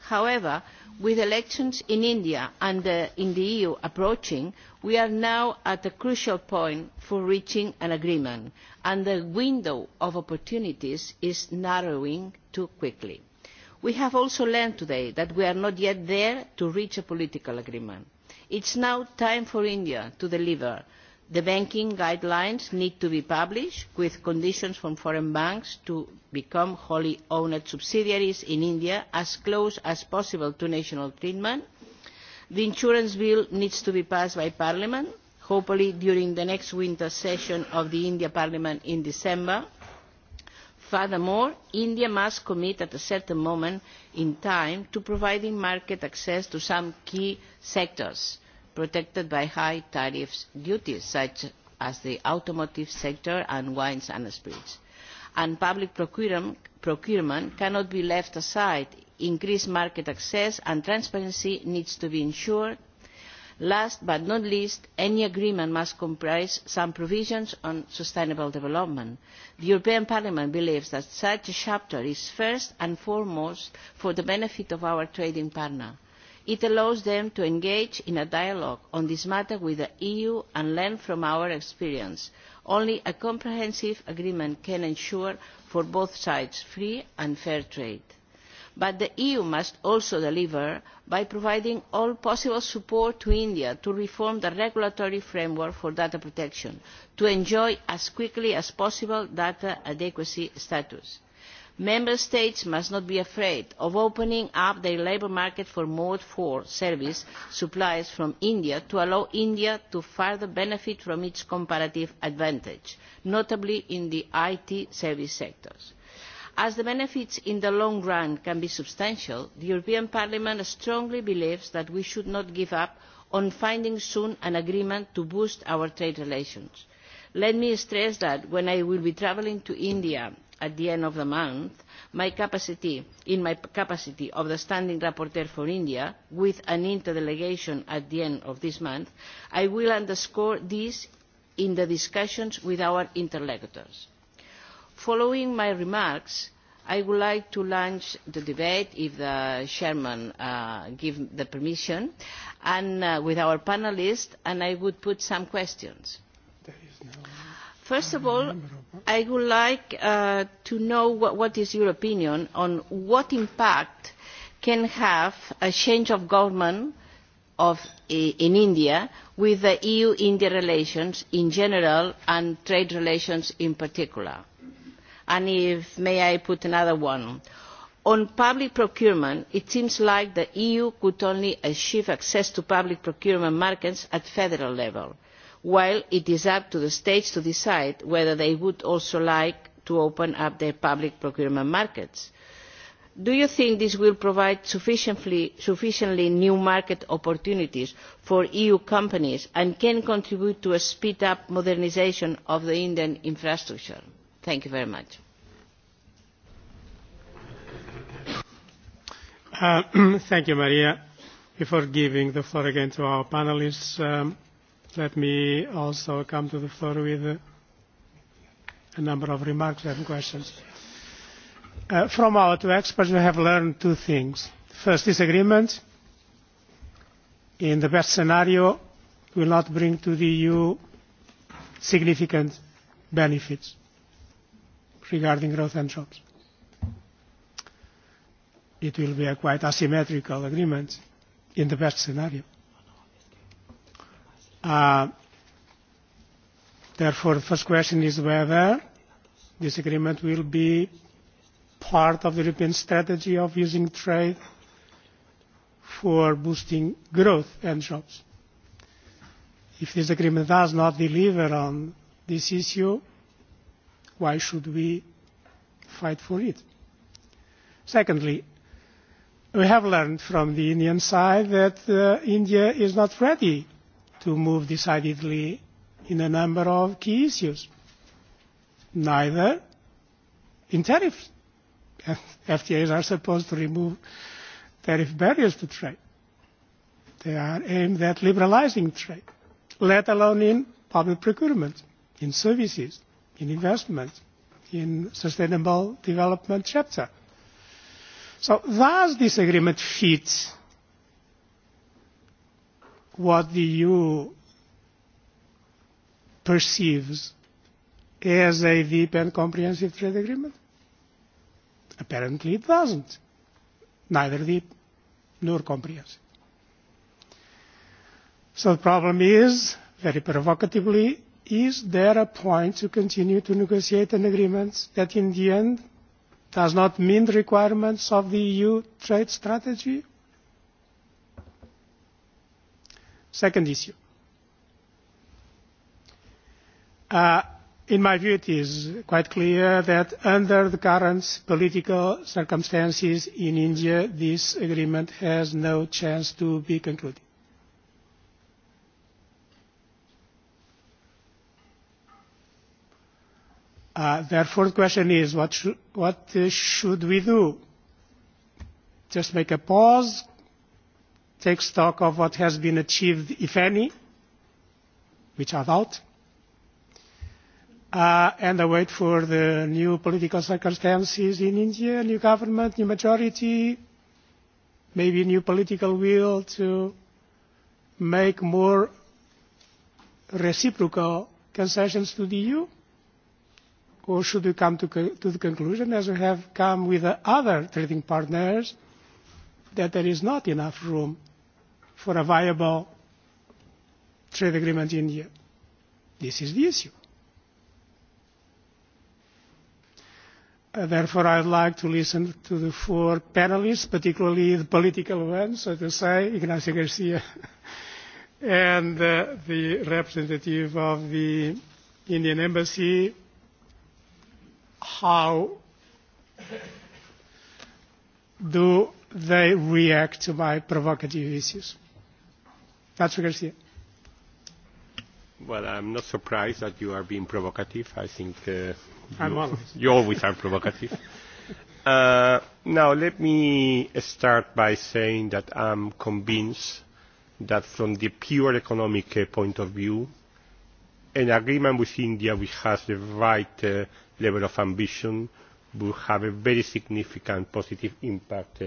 Speaker 6: However, with elections in India and in the EU approaching, we are now at a crucial point for reaching an agreement, and the window of opportunities is narrowing too quickly. We have also learned today that we are not yet there to reach a political agreement. It is now time for India to deliver The banking guidelines need to be published with conditions for foreign banks to become wholly owned subsidiaries in India as close as possible to national treatment. The insurance bill needs to be passed by Parliament, hopefully during the next winter session of the India Parliament in December. Furthermore, India must commit at a certain moment in time to providing market access to some key sectors protected by high tariff duties such as the automotive sector and wines and spirits. And public procurement cannot be left aside. Increased market access and transparency needs to be ensured. Last but not least, any agreement must comprise some provisions on sustainable development. The European Parliament believes that such a chapter is first and foremost for the benefit of our trading partner It allows them to engage in a dialogue on this matter with the EU and learn from our experience. Only a comprehensive agreement can ensure for both sides free and fair trade. But the EU must also deliver by providing all possible support to India to reform the regulatory framework for data protection, to enjoy as quickly as possible data adequacy status. Member States must not be afraid of opening up their labour market for mode 4 service suppliers from India to allow India to further benefit from its comparative advantage, notably in the IT service sectors. As the benefits in the long run can be substantial, the European Parliament strongly believes that we should not give up on finding soon an agreement to boost our trade relations. Let me stress that when I will be travelling to India at the end of the month, my capacity, in my capacity of the Standing Rapporteur for India, with an interdelegation at the end of this month, I will underscore this in the discussions with our interlocutors. Following my remarks, I would like to launch the debate, if the chairman gives the permission, and with our panelists, and I would put some questions. First of all, I would like to know what is your opinion on what impact can have a change of government in India with the EU-India relations in general and trade relations in particular. And if may I put another one. On public procurement, it seems like the EU could only achieve access to public procurement markets at federal level while it is up to the states to decide whether they would also like to open up their public procurement markets. Do you think this will provide sufficiently new market opportunities for EU companies and can contribute to a speed up modernisation of the Indian infrastructure? Thank you very much.
Speaker 1: Thank you, Maria. Before giving the floor again to our panelists, Let me also come to the floor with a number of remarks and questions. From our two experts, we have learned two things. First, agreement, in the best scenario, will not bring to the EU significant benefits regarding growth and jobs. It will be a quite asymmetrical agreement in the best scenario. Therefore, the first question is whether this agreement will be part of the European strategy of using trade for boosting growth and jobs. If this agreement does not deliver on this issue, why should we fight for it? Secondly, we have learned from the Indian side that India is not ready to move decidedly in a number of key issues, neither in tariffs. FTAs are supposed to remove tariff barriers to trade. They are aimed at liberalizing trade, let alone in public procurement, in services, in investment, in sustainable development chapter. So does this agreement fit what the EU perceives as a deep and comprehensive trade agreement? Apparently it doesn't, neither deep nor comprehensive. So the problem is, very provocatively, is there a point to continue to negotiate an agreement that in the end does not meet the requirements of the EU trade strategy second issue. In my view, it is quite clear that under the current political circumstances in India, this agreement has no chance to be concluded. Therefore, the question is, what should we do? Just make a pause, take stock of what has been achieved, if any, which are out, and await for the new political circumstances in India, new government, new majority, maybe new political will to make more reciprocal concessions to the EU? Or should we come to the conclusion, as we have come with the other trading partners, that there is not enough room for a viable trade agreement in India. This is the issue. Therefore, I'd like to listen to the four panelists, particularly the political ones, so to say, Ignacio Garcia and the representative of the Indian Embassy, how do they react to my provocative issues? Nacho I
Speaker 2: Well, I'm not surprised that you are being provocative. I think you always are provocative. Now, let me start by saying that I'm convinced that from the pure economic point of view, an agreement with India which has the right level of ambition will have a very significant positive impact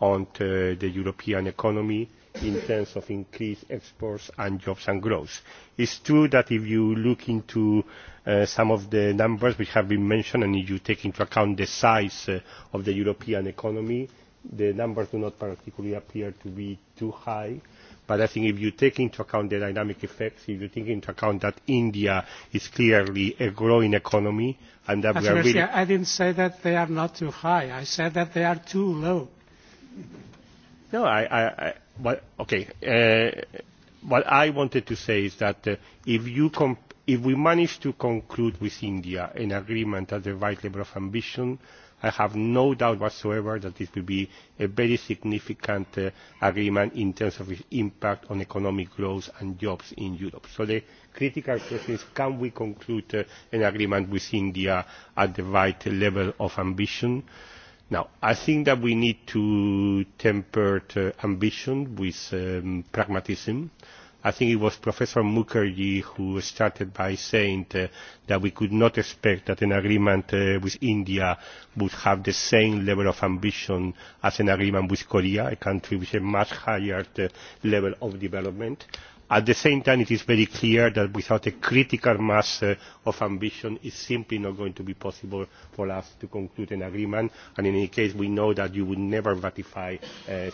Speaker 2: on the European economy in terms of increased exports and jobs and growth. It's true that if you look into some of the numbers which have been mentioned and if you take into account the size of the European economy, the numbers do not particularly appear to be too high. But I think if you take into account the dynamic effects, if you take into account that India is clearly a growing economy and that we are really...
Speaker 1: I didn't say that they are not too high. I said that they are too low.
Speaker 2: No, I Okay. What I wanted to say is that if we manage to conclude with India an agreement at the right level of ambition, I have no doubt whatsoever that this will be a very significant agreement in terms of its impact on economic growth and jobs in Europe. So the critical question is can we conclude an agreement with India at the right level of ambition? Now, I think that we need to temper ambition with pragmatism. I think it was Professor Mukherjee who started by saying that we could not expect that an agreement with India would have the same level of ambition as an agreement with Korea, a country with a much higher level of development. At the same time, it is very clear that without a critical mass of ambition, it is simply not going to be possible for us to conclude an agreement. And in any case, we know that you would never ratify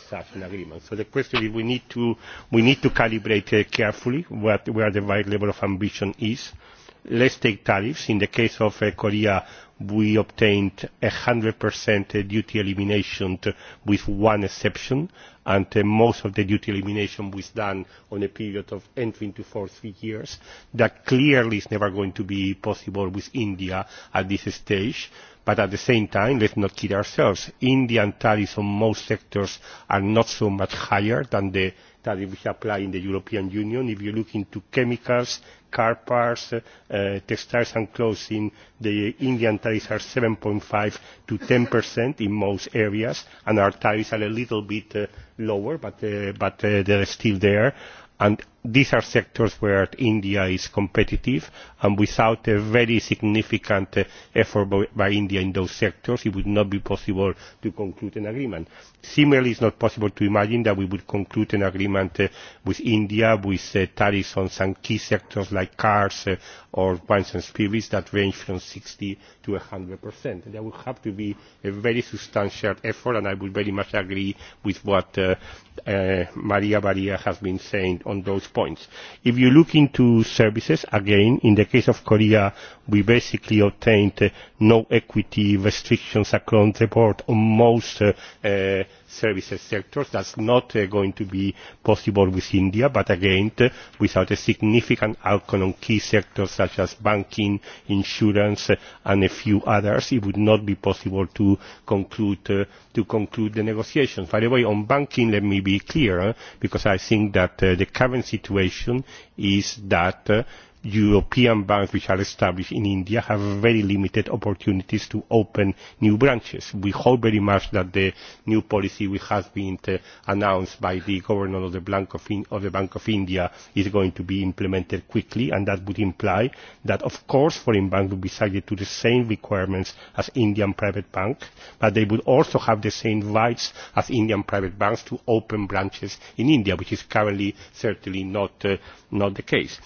Speaker 2: such an agreement. So the question is, we need to calibrate carefully where the right level of ambition is. Let's take tariffs. In the case of Korea, we obtained 100% duty elimination with one exception, and most of the duty elimination was done on a period of entry into force three years. That clearly is never going to be possible with India at this stage. But at the same time, let's not kid ourselves. Indian tariffs on most sectors are not so much higher than the study we apply in the European Union. If you look into chemicals, car parts, textiles and clothing, the Indian tariffs are 7.5 to 10% in most areas, and our tariffs are a little bit lower, but they they're still there. And These are sectors where India is competitive, and without a very significant effort by India in those sectors, it would not be possible to conclude an agreement. Similarly, it is not possible to imagine that we would conclude an agreement with India with tariffs on some key sectors like cars or wines and spirits that range from 60 to 100%. There would have to be a very substantial effort, and I would very much agree with what Maria Baria has been saying on those points. If you look into services, again, in the case of Korea, we basically obtained no equity restrictions across the board on most services sector. That's not going to be possible with India, but again, without a significant outcome on key sectors such as banking, insurance, and a few others, it would not be possible to conclude the negotiations. By the way, on banking, let me be clear, because I think that the current situation is that European banks which are established in India have very limited opportunities to open new branches. We hope very much that the new policy which has been announced by the governor of the Bank of India is going to be implemented quickly and that would imply that of course foreign banks would be subject to the same requirements as Indian private banks but they would also have the same rights as Indian private banks to open branches in India which is currently certainly not not the case.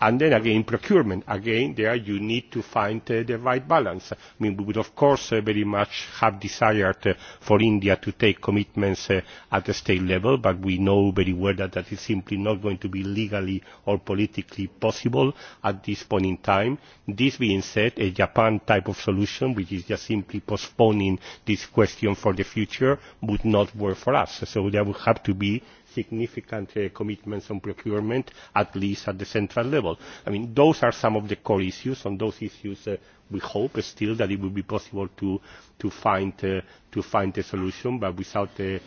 Speaker 2: And then again, procurement. Again, there you need to find the right balance. I mean, we would of course very much have desired for India to take commitments at the state level, but we know very well that that is simply not going to be legally or politically possible at this point in time. This being said, a Japan type of solution, which is just simply postponing this question for the future, would not work for us. So there would have to be significant commitments on procurement, at least at the central level. I mean, those are some of the core issues. On those issues, we hope still that it will be possible to to find to find a solution, but without a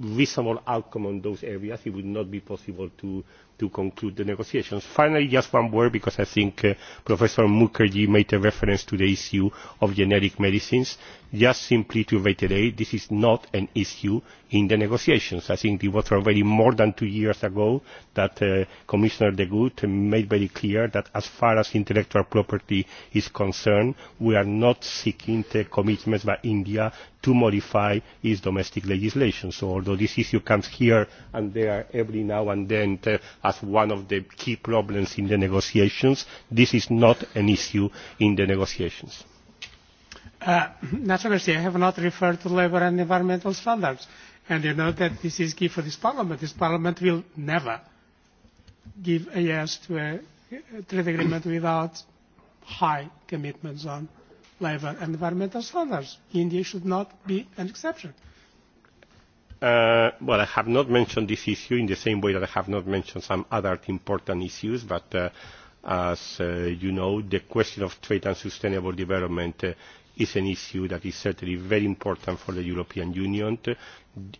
Speaker 2: reasonable outcome on those areas, it would not be possible to to conclude the negotiations. Finally, just one word, because I think Professor Mukherjee made a reference to the issue of generic medicines. Just simply to reiterate, this is not an issue in the negotiations. I think it was already more than two years ago that Commissioner De Gucht made very clear that as far as intellectual property is concerned, we are not seeking commitments by India to modify its domestic legislation. So although this issue comes here and there every now and then as one of the key problems in the negotiations, this is not an issue in the negotiations.
Speaker 1: Uh, I have not referred to labour and environmental standards. And you know that this is key for this Parliament. This Parliament will never give a yes to a trade agreement without high commitments on level and environmental standards. India should not be an exception.
Speaker 2: Well, I have not mentioned this issue in the same way that I have not mentioned some other important issues, but as you know, the question of trade and sustainable development is an issue that is certainly very important for the European Union.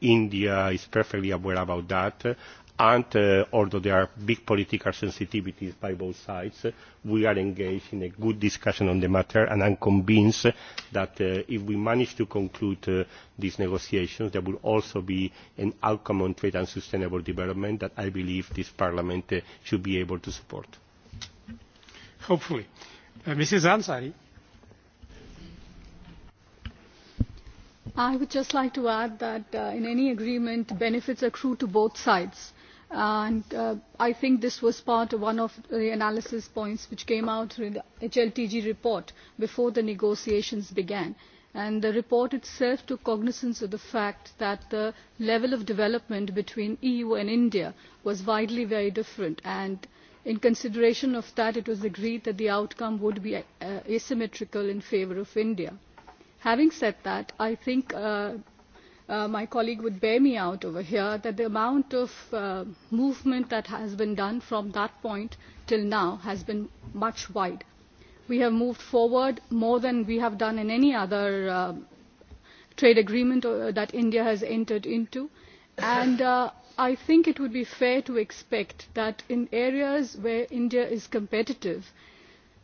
Speaker 2: India is perfectly aware about that and although there are big political sensitivities by both sides we are engaged in a good discussion on the matter and i am convinced that if we manage to conclude these negotiations there will also be an outcome on trade and sustainable development that i believe this parliament
Speaker 1: should be able to support. hopefully. mrs ansari.
Speaker 3: i would just like to add that in any agreement benefits accrue to both sides and I think this was part of one of the analysis points which came out in the HLTG report before the negotiations began. And the report itself took cognizance of the fact that the level of development between EU and India was widely very different. And in consideration of that, it was agreed that the outcome would be asymmetrical in favour of India. Having said that, I think my colleague would bear me out over here that the amount of movement that has been done from that point till now has been much wide. We have moved forward more than we have done in any other trade agreement that India has entered into and I think it would be fair to expect that in areas where India is competitive,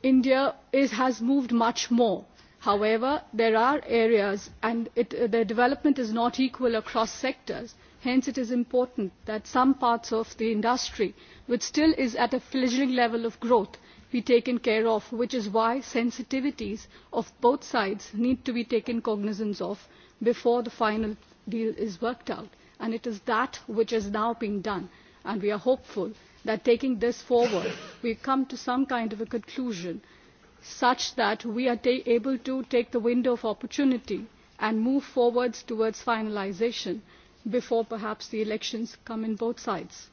Speaker 3: India has moved much more However, there are areas and the development is not equal across sectors. Hence, it is important that some parts of the industry, which still is at a fledgling level of growth, be taken care of, which is why sensitivities of both sides need to be taken cognizance of before the final deal is worked out. And it is that which is now being done. And we are hopeful that taking this forward, we come to some kind of a conclusion such that we are able to take the window of opportunity and move forwards towards finalisation before perhaps the elections come in both sides.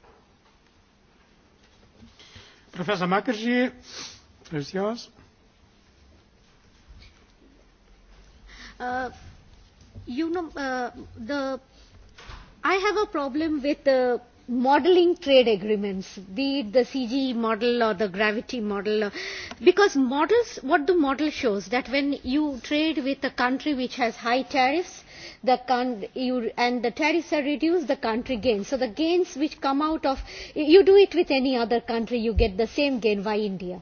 Speaker 1: Professor is yours.
Speaker 4: You know, I have a problem with the modeling trade agreements, be it the CGE model or the gravity model, because models, what the model shows, that when you trade with a country which has high tariffs, the and the tariffs are reduced, the country gains. So the gains which come out of, you do it with any other country, you get the same gain. Why India?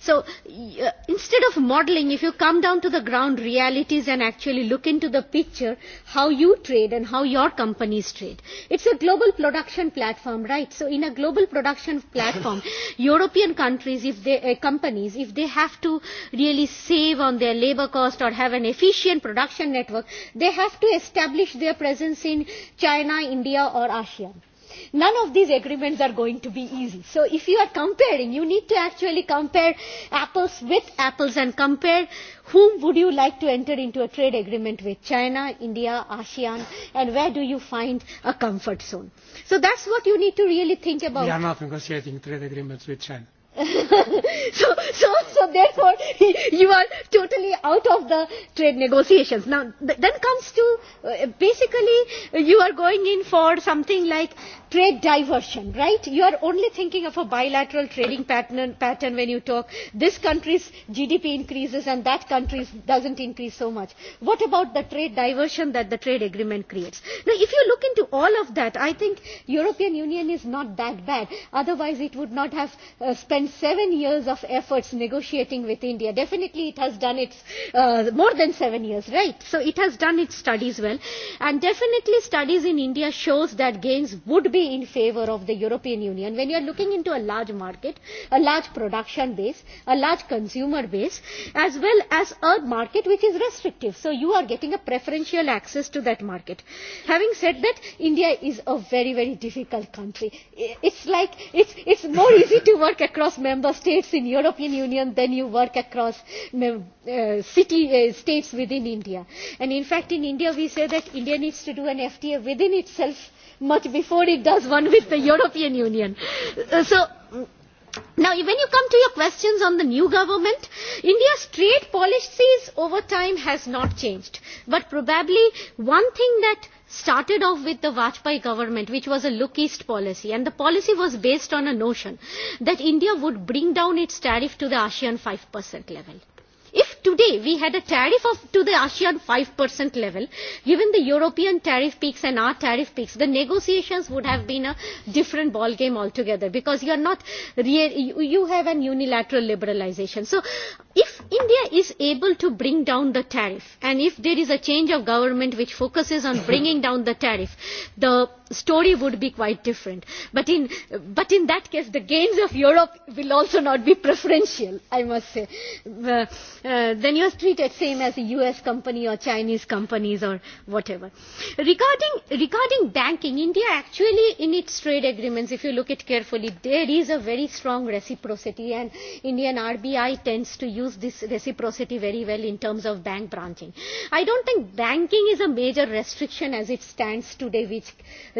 Speaker 4: So instead of modeling, if you come down to the ground realities and actually look into the picture, how you trade and how your companies trade. It's a global production platform, right? So in a global production platform, European countries, if they, companies, if they have to really save on their labor cost or have an efficient production network, they have to establish their presence in China, India or Asia none of these agreements are going to be easy. So if you are comparing, you need to actually compare apples with apples and compare whom would you like to enter into a trade agreement with, China, India, ASEAN, and where do you find a comfort zone. So that's what you need to really think about. We are not
Speaker 1: negotiating trade agreements with China
Speaker 4: so so so therefore you are totally out of the trade negotiations now then comes to basically you are going in for something like trade diversion right you are only thinking of a bilateral trading pattern pattern when you talk this country's gdp increases and that country doesn't increase so much what about the trade diversion that the trade agreement creates now if you look into all of that i think european union is not that bad otherwise it would not have spent seven years of efforts negotiating with India. Definitely it has done its more than seven years, right? So it has done its studies well. And definitely studies in India shows that gains would be in favor of the European Union. When you are looking into a large market, a large production base, a large consumer base, as well as a market which is restrictive. So you are getting a preferential access to that market. Having said that, India is a very, very difficult country. It's like, it's it's more easy to work across across member states in European Union than you work across city states within India. And in fact in India we say that India needs to do an FTA within itself much before it does one with the European Union. So Now, when you come to your questions on the new government, India's trade policies over time has not changed. But probably one thing that started off with the Vajpayee government, which was a look east policy, and the policy was based on a notion that India would bring down its tariff to the ASEAN 5% level. If today we had a tariff of to the ASEAN 5% level, given the European tariff peaks and our tariff peaks, the negotiations would have been a different ballgame altogether because you are not you have an unilateral liberalization. So if India is able to bring down the tariff and if there is a change of government which focuses on bringing down the tariff, the story would be quite different. But in but in that case, the gains of Europe will also not be preferential, I must say. Then you are treated same as a US company or Chinese companies or whatever. Regarding banking, India actually in its trade agreements, if you look at carefully, there is a very strong reciprocity and Indian RBI tends to use this reciprocity very well in terms of bank branching. I don't think banking is a major restriction as it stands today, which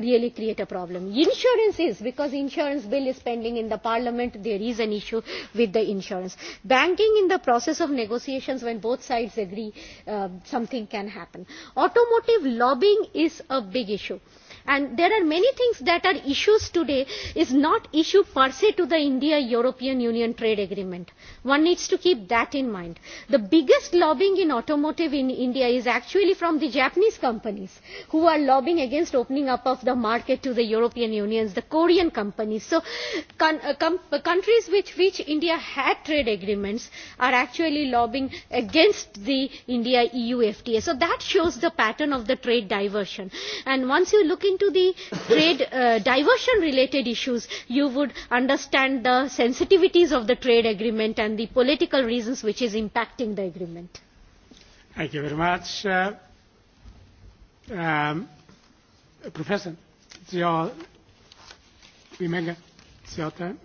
Speaker 4: really create a problem. Insurance is, because insurance bill is pending in the parliament, there is an issue with the insurance. Banking in the process of negotiations when both sides agree something can happen. Automotive lobbying is a big issue and there are many things that are issues today is not issue per se to the india european union trade agreement one needs to keep that in mind the biggest lobbying in automotive in india is actually from the japanese companies who are lobbying against opening up of the market to the european unions the korean companies so countries with which india had trade agreements are actually lobbying against the india eu fta so that shows the pattern of the trade diversion and once you look into the trade diversion related issues you would understand the sensitivities of the trade agreement and the political reasons which is impacting the agreement.
Speaker 1: Thank you very much. Professor, it's your, it's your turn.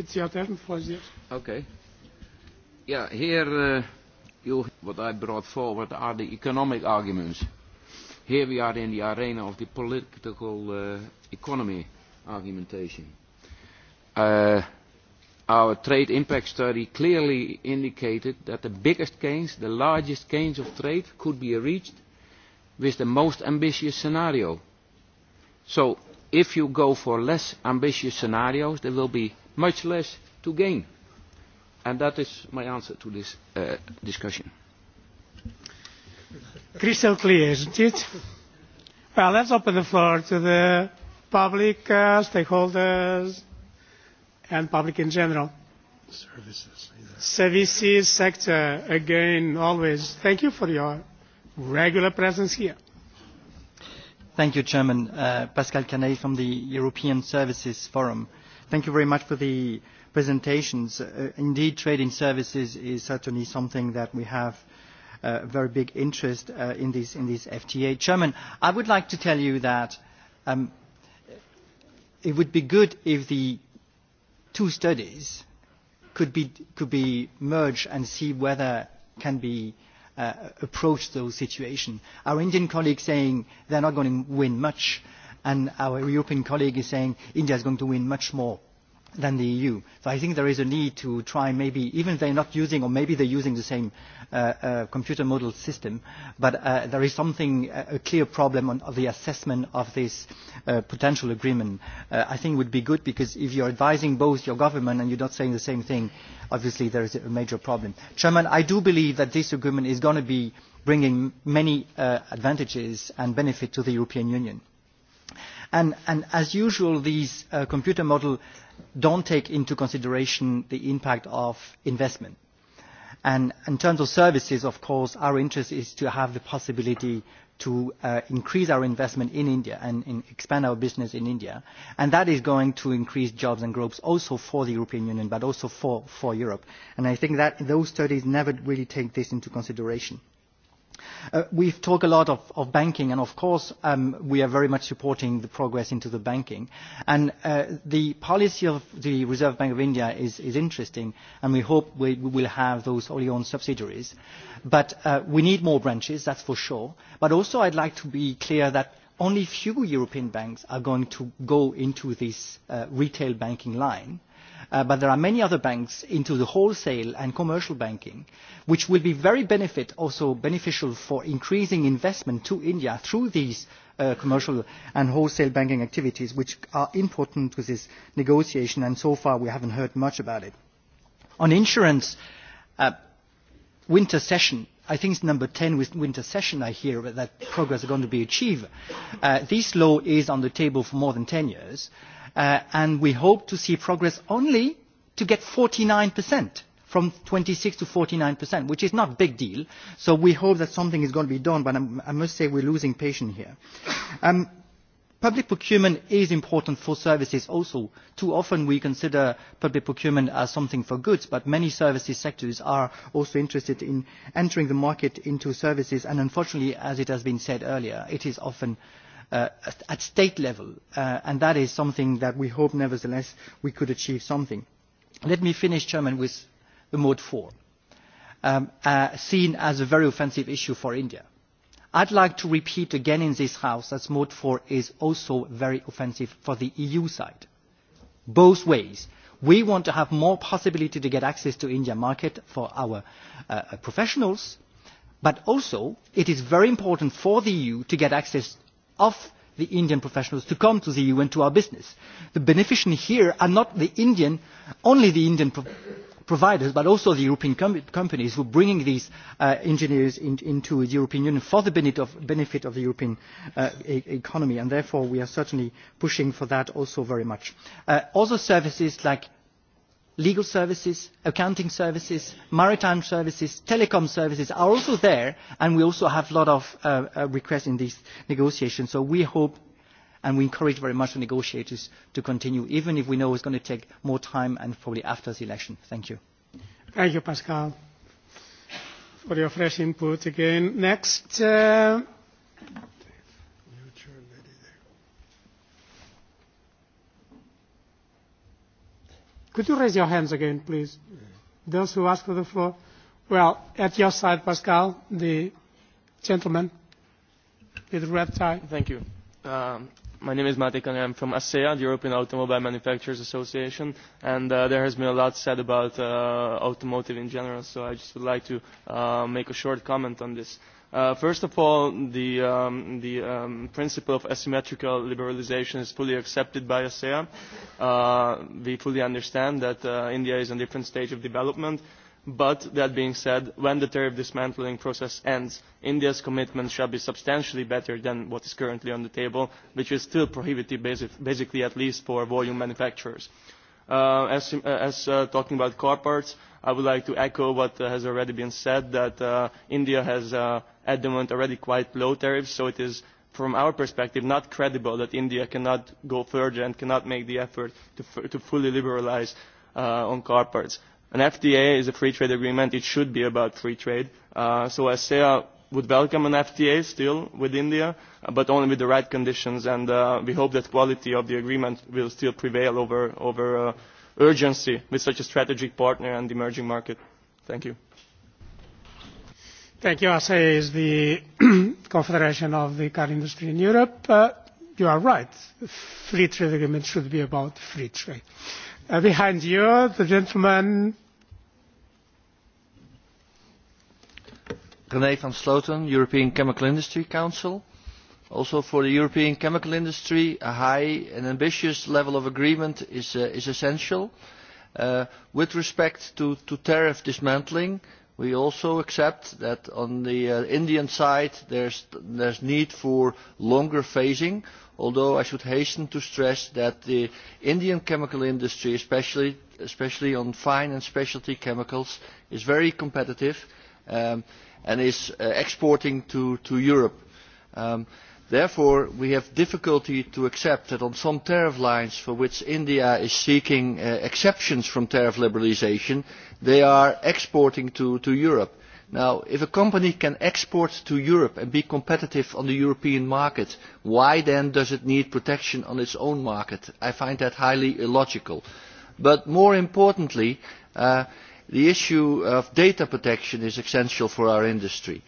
Speaker 1: It's your turn for
Speaker 5: Okay. Yeah, here what I brought forward are the economic arguments Here we are in the arena of the political economy argumentation. Our trade impact study clearly indicated that the biggest gains, the largest gains of trade could be reached with the most ambitious scenario. So if you go for less ambitious scenarios, there will be much less to gain. And that is my answer to this discussion
Speaker 1: crystal clear, isn't it? Well, let's open the floor to the public, stakeholders, and public in general.
Speaker 7: Services.
Speaker 1: Services sector, again, always.
Speaker 7: Thank you for your regular presence here. Thank you, Chairman. Pascal Canet from the European Services Forum. Thank you very much for the presentations. Indeed, trade in services is certainly something that we have very big interest in this in this FTA. Chairman, I would like to tell you that it would be good if the two studies could be could be merged and see whether can be approached those situations. Our Indian colleague saying they are not going to win much, and our European colleague is saying India is going to win much more than the EU. So I think there is a need to try maybe, even if are not using, or maybe they're using the same computer model system, but there is something, a clear problem on the assessment of this potential agreement. I think it would be good because if you are advising both your government and you're not saying the same thing, obviously there is a major problem. Chairman, I do believe that this agreement is going to be bringing many advantages and benefit to the European Union And as usual, these computer models don't take into consideration the impact of investment. And in terms of services, of course, our interest is to have the possibility to increase our investment in India and expand our business in India. And that is going to increase jobs and growth also for the European Union, but also for Europe. And I think that those studies never really take this into consideration have talked a lot of banking, and of course we are very much supporting the progress into the banking. And the policy of the Reserve Bank of India is interesting, and we hope we will have those wholly owned subsidiaries. But we need more branches, that's for sure. But also I'd like to be clear that only few European banks are going to go into this retail banking line but there are many other banks into the wholesale and commercial banking, which will be very also beneficial for increasing investment to India through these commercial and wholesale banking activities, which are important to this negotiation, and so far we have not heard much about it. On insurance, winter session. I think is number 10 with winter session I hear that progress is going to be achieved. This law is on the table for more than 10 years and we hope to see progress only to get 49% from 26 to 49%, which is not a big deal. So we hope that something is going to be done, but I must say we are losing patience here. Public procurement is important for services also. Too often we consider public procurement as something for goods, but many services sectors are also interested in entering the market into services, and unfortunately, as it has been said earlier, it is often at state level and that is something that we hope nevertheless we could achieve something. Let me finish, Chairman, with the Mode 4, seen as a very offensive issue for India. I'd like to repeat again in this House that Mode 4 is also very offensive for the EU side. Both ways. We want to have more possibility to get access to India market for our professionals, but also it is very important for the EU to get access of the Indian professionals to come to the EU and to our business. The beneficiaries here are not the Indian, only the Indian providers, but also the European companies who are bringing these engineers into the European Union for the benefit of the European economy, and therefore we are certainly pushing for that also very much. Other services like legal services, accounting services, maritime services, telecom services are also there, and we also have a lot of requests in these negotiations. So we hope and we encourage very much the negotiators to continue, even if we know it's going to take more time and probably after the election. Thank you.
Speaker 1: Thank you, Pascal, for your fresh input again. Next, Could you raise your hands again, please? Those who ask for the floor. Well, at your side, Pascal, the gentleman with red tie. Thank you.
Speaker 8: My name is Matik and I'm from ASEA, the European Automobile Manufacturers Association, and there has been a lot said about automotive in general, so I just would like to make a short comment on this First of all, the principle of asymmetrical liberalisation is fully accepted by ASEAN. We fully understand that India is in a different stage of development. But that being said, when the tariff dismantling process ends, India's commitment shall be substantially better than what is currently on the table, which is still prohibitive, basically at least for volume manufacturers. As as talking about car parts, I would like to echo what has already been said that India has at the moment already quite low tariffs, so it is from our perspective not credible that India cannot go further and cannot make the effort to fully liberalise on car parts. An FTA is a free trade agreement, it should be about free trade. So as SEA would welcome an FTA still with India, but only with the right conditions, and we hope that quality of the agreement will still prevail over urgency with such a strategic partner and emerging market. Thank you.
Speaker 1: Thank you. ASE is the Confederation of the Car Industry in Europe. You are right. Free trade agreement should be about free trade. Behind you, the gentleman
Speaker 9: René van Sloten, European Chemical Industry Council. Also for the European chemical industry, a high and ambitious level of agreement is essential. With respect to tariff dismantling, we also accept that on the Indian side there is need for longer phasing, although I should hasten to stress that the Indian chemical industry, especially on fine and specialty chemicals, is very competitive and is exporting to Europe. Therefore, we have difficulty to accept that on some tariff lines for which India is seeking exceptions from tariff liberalisation, they are exporting to Europe. Now, if a company can export to Europe and be competitive on the European market, why then does it need protection on its own market? I find that highly illogical. But more importantly, the issue of data protection is essential for our industry.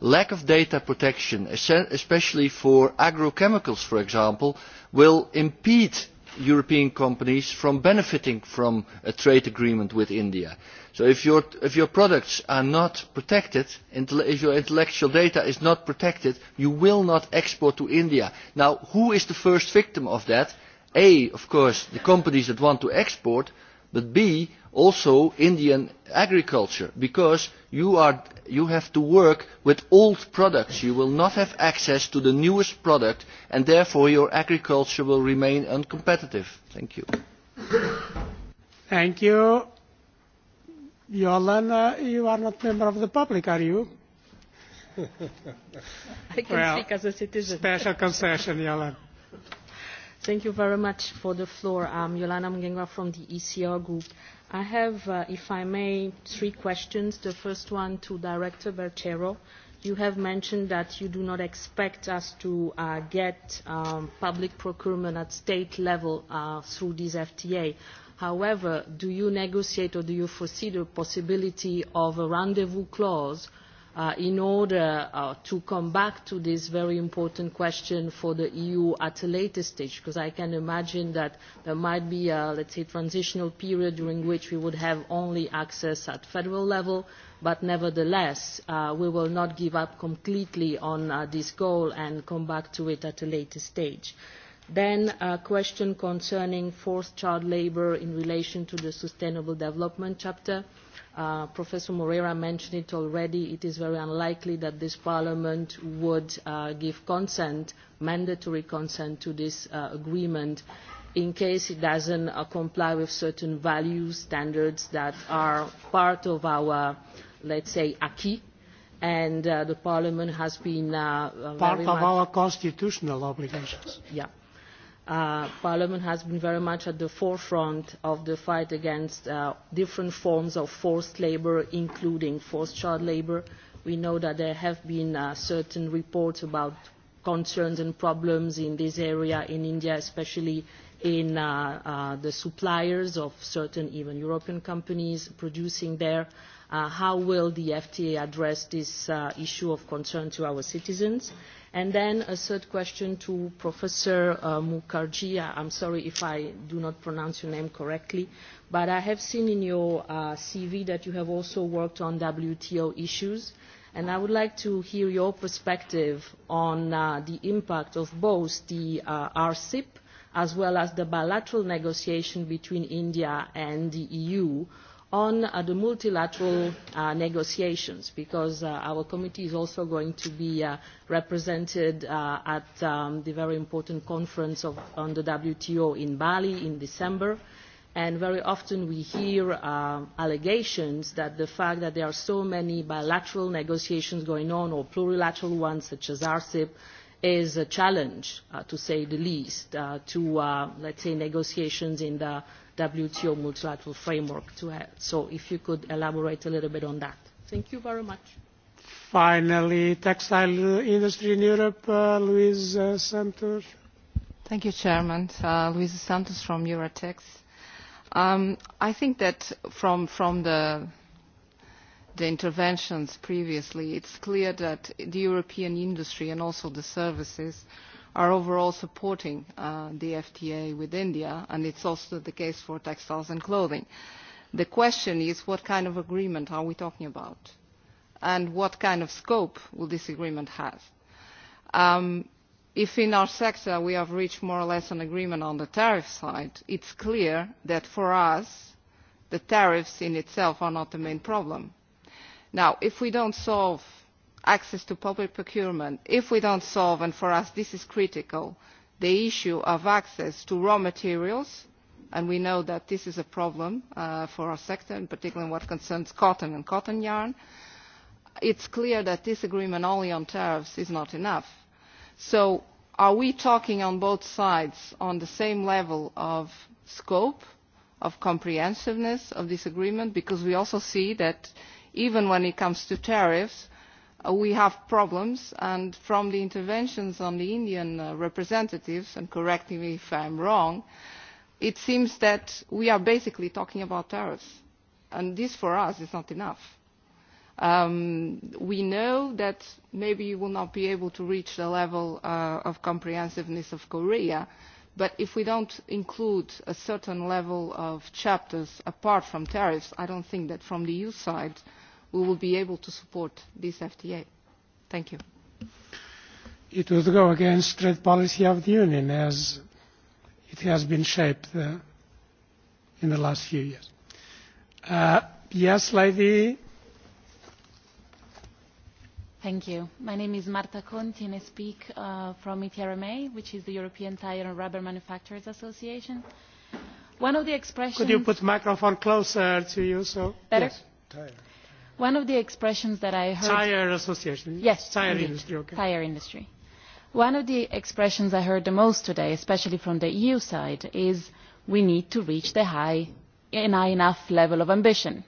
Speaker 9: Lack of data protection, especially for agrochemicals, for example, will impede European companies from benefiting from a trade agreement with India. So if your products are not protected, if your intellectual data is not protected, you will not export to India. Now, who is the first victim of that? A, of course, the companies that want to export, but b also indian agriculture because you have to work with old products you will not have access to the newest product and therefore your agriculture will remain uncompetitive. thank you.
Speaker 1: thank you. Yolanda, you are not a member of the public, are you? I can speak as a citizen. Special concession, Yolanda.
Speaker 10: Thank you very much for the floor. I'm Yolanda Mgenga from the ECR Group. I have, if I may, three questions. The first one to Director Berchero. You have mentioned that you do not expect us to get public procurement at state level through this FTA. However, do you negotiate or do you foresee the possibility of a rendezvous clause in order to come back to this very important question for the EU at a later stage, because I can imagine that there might be a, let's say, transitional period during which we would have only access at federal level, but nevertheless, we will not give up completely on this goal and come back to it at a later stage. Then a question concerning forced child labour in relation to the Sustainable Development Chapter Professor Moreira mentioned it already. It is very unlikely that this Parliament would give consent, mandatory consent, to this agreement in case it doesn't comply with certain values, standards that are part of our, let's say, acquis. And the Parliament has been. Part of our
Speaker 1: constitutional obligations.
Speaker 10: Yeah Parliament has been very much at the forefront of the fight against different forms of forced labour, including forced child labour. We know that there have been certain reports about concerns and problems in this area in India, especially in the suppliers of certain even European companies producing there. How will the FTA address this issue of concern to our citizens? And then a third question to Professor Mukherjee. am sorry if I do not pronounce your name correctly, but I have seen in your CV that you have also worked on WTO issues, and I would like to hear your perspective on the impact of both the RCIP as well as the bilateral negotiation between India and the EU on the multilateral negotiations because our committee is also going to be represented at the very important conference on the WTO in Bali in December and very often we hear allegations that the fact that there are so many bilateral negotiations going on or plurilateral ones such as RCEP is a challenge to say the least to let's say negotiations in the WTO multilateral framework to have. So if you could elaborate a little bit on that. Thank you very much. Finally, textile industry in Europe, Louise Santos.
Speaker 1: Thank you, Chairman. Luis Santos from Eurotex. I
Speaker 11: think that from the the interventions previously, it's clear that the European industry and also the services are overall supporting the FTA with India, and it's also the case for textiles and clothing. The question is what kind of agreement are we talking about, and what kind of scope will this agreement have? If in our sector we have reached more or less an agreement on the tariff side, it's clear that for us the tariffs in itself are not the main problem. Now, if we don't solve access to public procurement, if we don't solve, and for us this is critical, the issue of access to raw materials, and we know that this is a problem for our sector, in particular in what concerns cotton and cotton yarn, it's clear that this agreement only on tariffs is not enough. So are we talking on both sides on the same level of scope, of comprehensiveness of this agreement? Because we also see that even when it comes to tariffs, we have problems and from the interventions of the indian representatives and correct me if i am wrong it seems that we are basically talking about tariffs and this for us is not enough. we know that maybe you will not be able to reach the level of comprehensiveness of korea but if we don't include a certain level of chapters apart from tariffs i don't think that from the eu side we will be able to support this FTA. Thank you.
Speaker 1: It would go against trade policy of the Union as it has been shaped in the last few years. Yes, lady.
Speaker 12: Thank you. My name is Marta Conti and I speak from ETRMA, which is the European Tire and Rubber Manufacturers Association. One of the expressions... Could you put
Speaker 1: microphone closer to you? So... Better?
Speaker 12: One of the expressions that I heard. Tire association. Yes. Tire industry. Okay. Tire industry. One of the expressions I heard the most today, especially from the EU side, is we need to reach the high, enough level of ambition.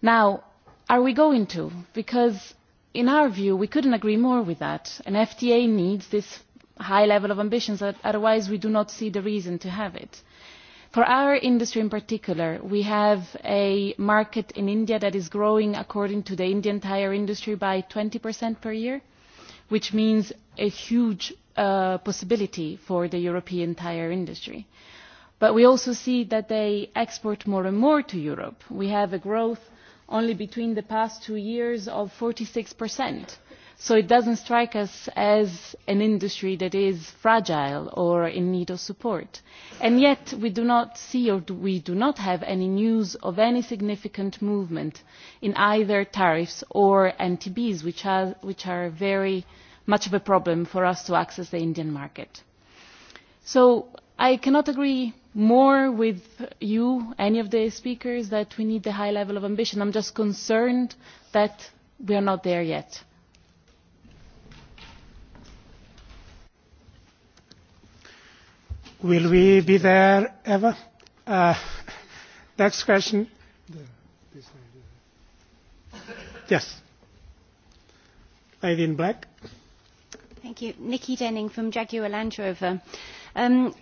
Speaker 12: Now, are we going to? Because in our view, we couldn't agree more with that. An FTA needs this high level of ambition, otherwise we do not see the reason to have it For our industry in particular, we have a market in India that is growing, according to the Indian tire industry, by 20% per year, which means a huge possibility for the European tire industry. But we also see that they export more and more to Europe. We have a growth only between the past two years of 46% so it doesn't strike us as an industry that is fragile or in need of support. And yet we do not see or we do not have any news of any significant movement in either tariffs or NTBs, which are very much of a problem for us to access the Indian market. So I cannot agree more with you, any of the speakers, that we need a high level of ambition. I'm just concerned that we are not there
Speaker 1: yet Will we be there ever? Next question. Yes. Lady in black.
Speaker 13: Thank you. Nikki Denning from Jaguar Land Rover. I'm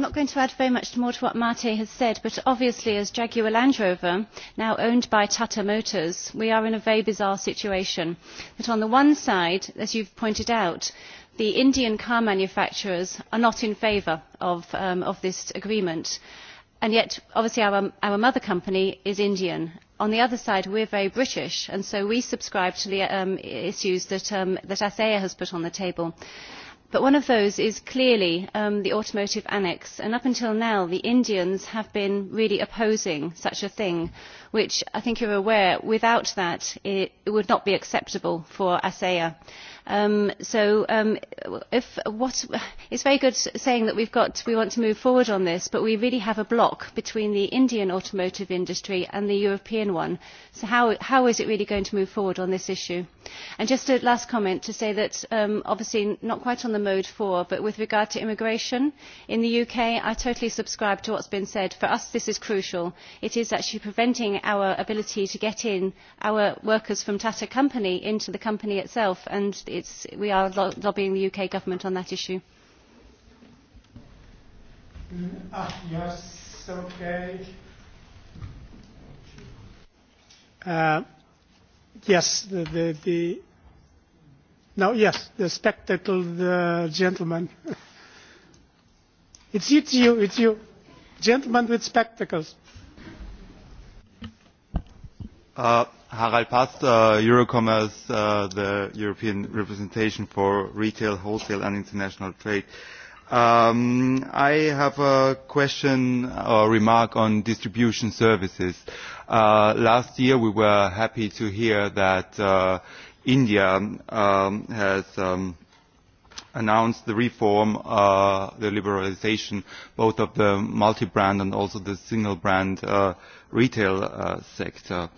Speaker 13: not going to add very much more to what Mate has said, but obviously as Jaguar Land Rover, now owned by Tata Motors, we are in a very bizarre situation. That on the one side, as you've pointed out, the Indian car manufacturers are not in favour of this agreement. And yet, obviously, our mother company is Indian. On the other side, we are very British, and so we subscribe to the issues that ASEA has put on the table. But one of those is clearly the automotive annex. And up until now, the Indians have been really opposing such a thing, which I think you are aware, without that, it would not be acceptable for ASEA. So it's very good saying that we want to move forward on this, but we really have a block between the Indian automotive industry and the European one. So how is it really going to move forward on this issue? And just a last comment to say that obviously not quite on the mode four, but with regard to immigration in the UK, I totally subscribe to what's been said. For us, this is crucial. It is actually preventing our ability to get in our workers from Tata Company into the company itself and we are lobbying the UK government on that issue.
Speaker 1: yes, okay. yes, the, the, the no, yes, the spectacled gentleman. it's, it's you, it's you, gentleman with spectacles.
Speaker 7: Uh, Harald Past, Eurocommerce, the European representation for retail, wholesale and international trade. I have a question or remark on distribution services. Last year we were happy to hear that India has announced the reform, the liberalization both of the multi-brand and also the single-brand retail sector.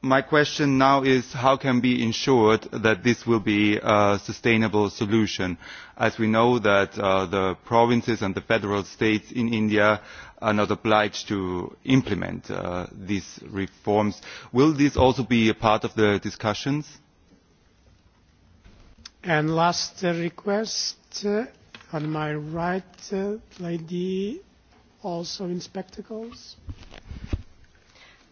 Speaker 7: My question now is how can be ensured that this will be a sustainable solution, as we know that the provinces and the federal states in India are not obliged to implement these reforms. Will this also be a part of the discussions?
Speaker 1: And last request on my right, lady also in spectacles.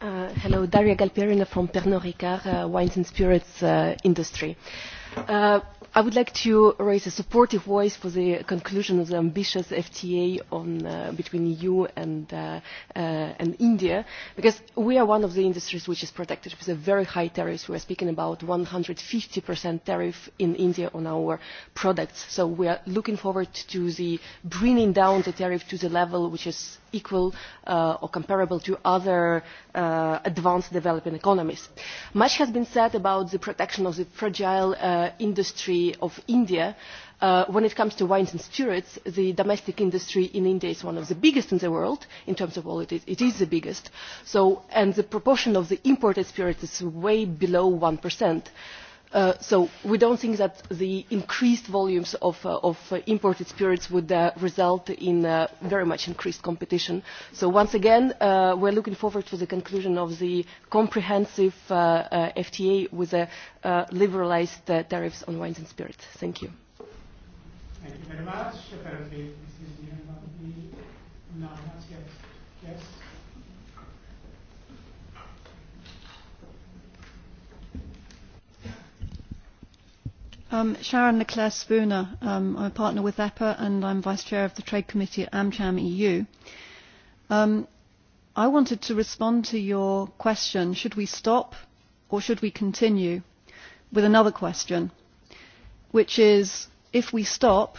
Speaker 14: Hello, Daria Galperina from Pernod Ricard Wines and Spirits Industry. I would like to raise a supportive voice for the conclusion of the ambitious FTA between EU and India, because we are one of the industries which is protected with a very high tariff. We are speaking about 150% tariff in India on our products. So we are looking forward to the bringing down the tariff to the level which is equal or comparable to other advanced developing economies. Much has been said about the protection of the fragile industry of India. When it comes to wines and spirits, the domestic industry in India is one of the biggest in the world in terms of quality. It is the biggest. and the proportion of the imported spirits is way below 1% so we do not think that the increased volumes of imported spirits would result in very much increased competition. so once again we are looking forward to the conclusion of the comprehensive fta with liberalised tariffs on wines and spirits. thank you.
Speaker 15: Sharon Leclerc-Spooner. I'm a partner with EPA and I'm Vice Chair of the Trade Committee at AmCham EU. I wanted to respond to your question, should we stop or should we continue, with another question, which is, if we stop,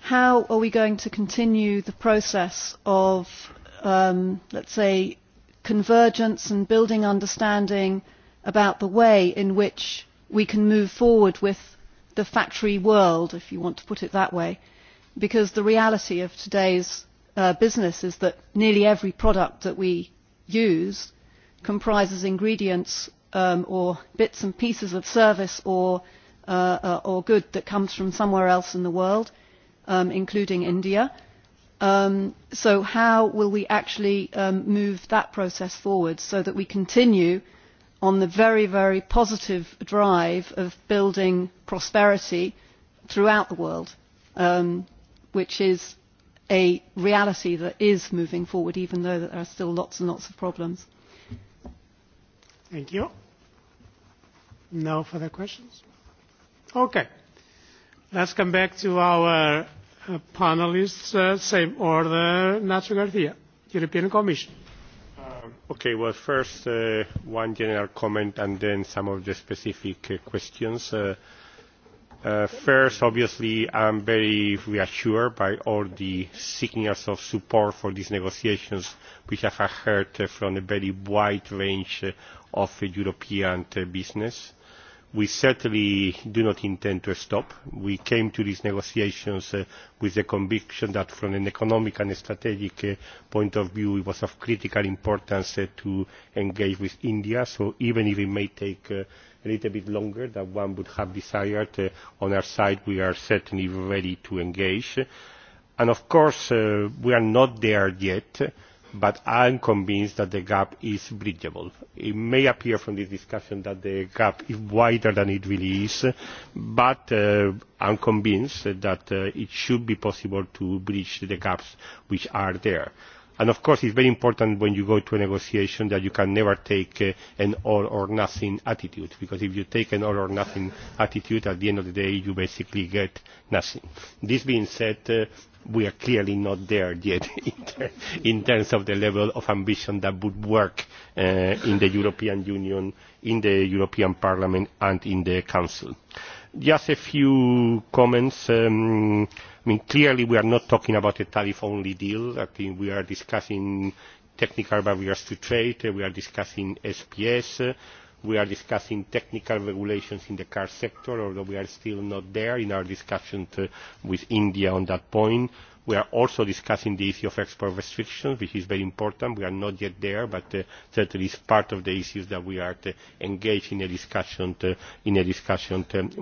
Speaker 15: how are we going to continue the process of, let's say, convergence and building understanding about the way in which we can move forward with the factory world, if you want to put it that way, because the reality of today's business is that nearly every product that we use comprises ingredients or bits and pieces of service or good that comes from somewhere else in the world, including India. So how will we actually move that process forward so that we continue on the very, very positive drive of building prosperity throughout the world, which is a reality that is moving forward, even though there are still lots and lots of problems. Thank you.
Speaker 1: No further questions? Okay. Let's come back to our panelists. Same order. Nacho Garcia, European Commission.
Speaker 2: Okay, well, first one general comment and then some of the specific questions. First, obviously, I'm very reassured by all the signals of support for these negotiations, which I have heard from a very wide range of European business we certainly do not intend to stop. we came to these negotiations with the conviction that from an economic and strategic point of view it was of critical importance to engage with india so even if it may take a little bit longer than one would have desired on our side we are certainly ready to engage. and of course we are not there yet but I am convinced that the gap is bridgeable. It may appear from this discussion that the gap is wider than it really is, but I am convinced that it should be possible to bridge the gaps which are there. And of course, it's very important when you go to a negotiation that you can never take an all-or-nothing attitude, because if you take an all-or-nothing attitude, at the end of the day, you basically get nothing. This being said, we are clearly not there yet in terms of the level of ambition that would work in the European Union, in the European Parliament and in the Council. Just a few comments. I mean, clearly we are not talking about a tariff-only deal. I think we are discussing technical barriers to trade. We are discussing SPS. We are discussing technical regulations in the car sector, although we are still not there in our discussions with India on that point. We are also discussing the issue of export restrictions, which is very important. We are not yet there, but certainly is part of the issues that we are engaged in a discussion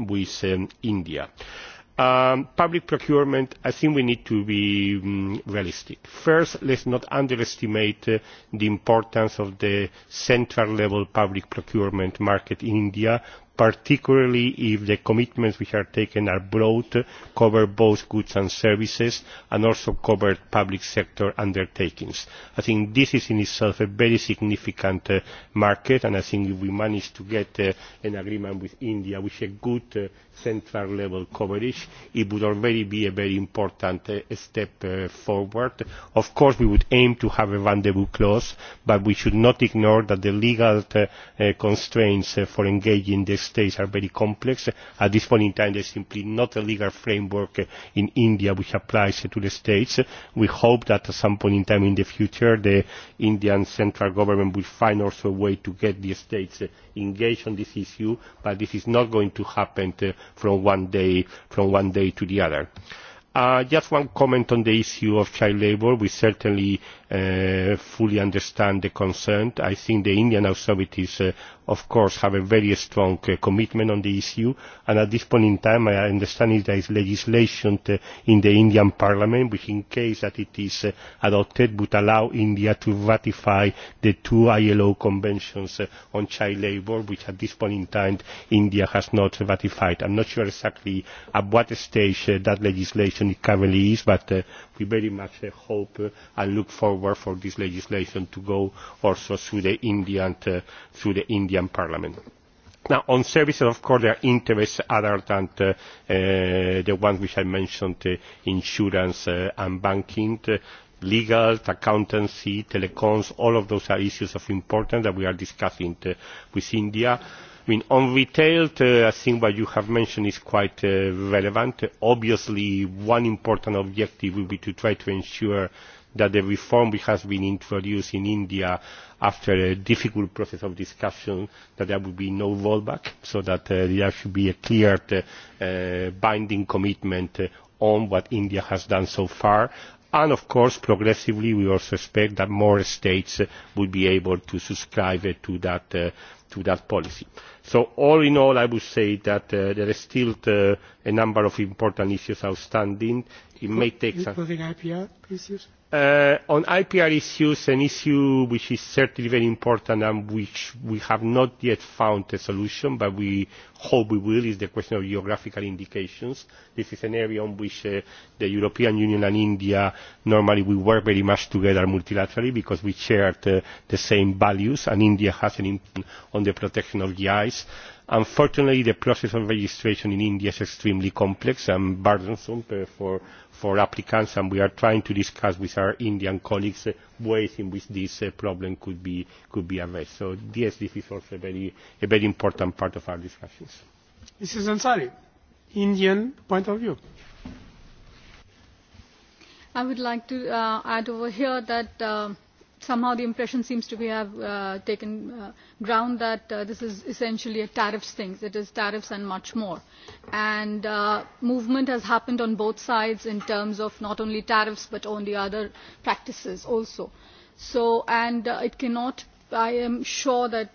Speaker 2: with India. Public procurement, I think we need to be realistic. First, let's not underestimate the importance of the central level public procurement market in India particularly if the commitments which are taken are broad, cover both goods and services, and also cover public sector undertakings. I think this is in itself a very significant market, and I think if we manage to get an agreement with India with a good central level coverage, it would already be a very important step forward. Of course, we would aim to have a rendezvous clause, but we should not ignore that the legal constraints for engaging the states are very complex. At this point in time, there is simply not a legal framework in India which applies to the states. We hope that at some point in time in the future, the Indian central government will find also a way to get the states engaged on this issue, but this is not going to happen from one day to the other. Just one comment on the issue of child labour. We certainly fully understand the concern. I think the Indian authorities of course have a very strong commitment on the issue and at this point in time I understand there is legislation in the Indian Parliament which in case that it is adopted would allow India to ratify the two ILO conventions on child labour which at this point in time India has not ratified. I'm not sure exactly at what stage that legislation currently is but we very much hope and look forward for this legislation to go also through the Indian through the Indian Parliament. Now, on services, of course, there are interests other than the ones which I mentioned, insurance and banking, legal, accountancy, telecoms, all of those are issues of importance that we are discussing with India mean on retail i think what you have mentioned is quite relevant. obviously one important objective will be to try to ensure that the reform which has been introduced in india after a difficult process of discussion that there will be no rollback so that there should be a clear binding commitment on what india has done so far and of course progressively we also expect that more states will be able to subscribe to that to that policy. So all in all I would say that there is still a number of important issues outstanding. It may take on IPR issues, an issue which is certainly very important and which we have not yet found a solution, but we hope we will, is the question of geographical indications. This is an area on which the European Union and India normally we work very much together multilaterally because we share the same values, and India has an on the protection of GIs. Unfortunately, the process of registration in India is extremely complex and burdensome for applicants, and we are trying to discuss with our Indian colleagues ways in which this problem could be addressed. So, yes, this is also a very important part of our
Speaker 1: discussions. Mrs. Ansari, Indian point of view.
Speaker 3: I would like to add over here that somehow the impression seems to be have taken ground that this is essentially a tariffs thing. It is tariffs and much more. And movement has happened on both sides in terms of not only tariffs but on the other practices also. So, and it cannot I am sure that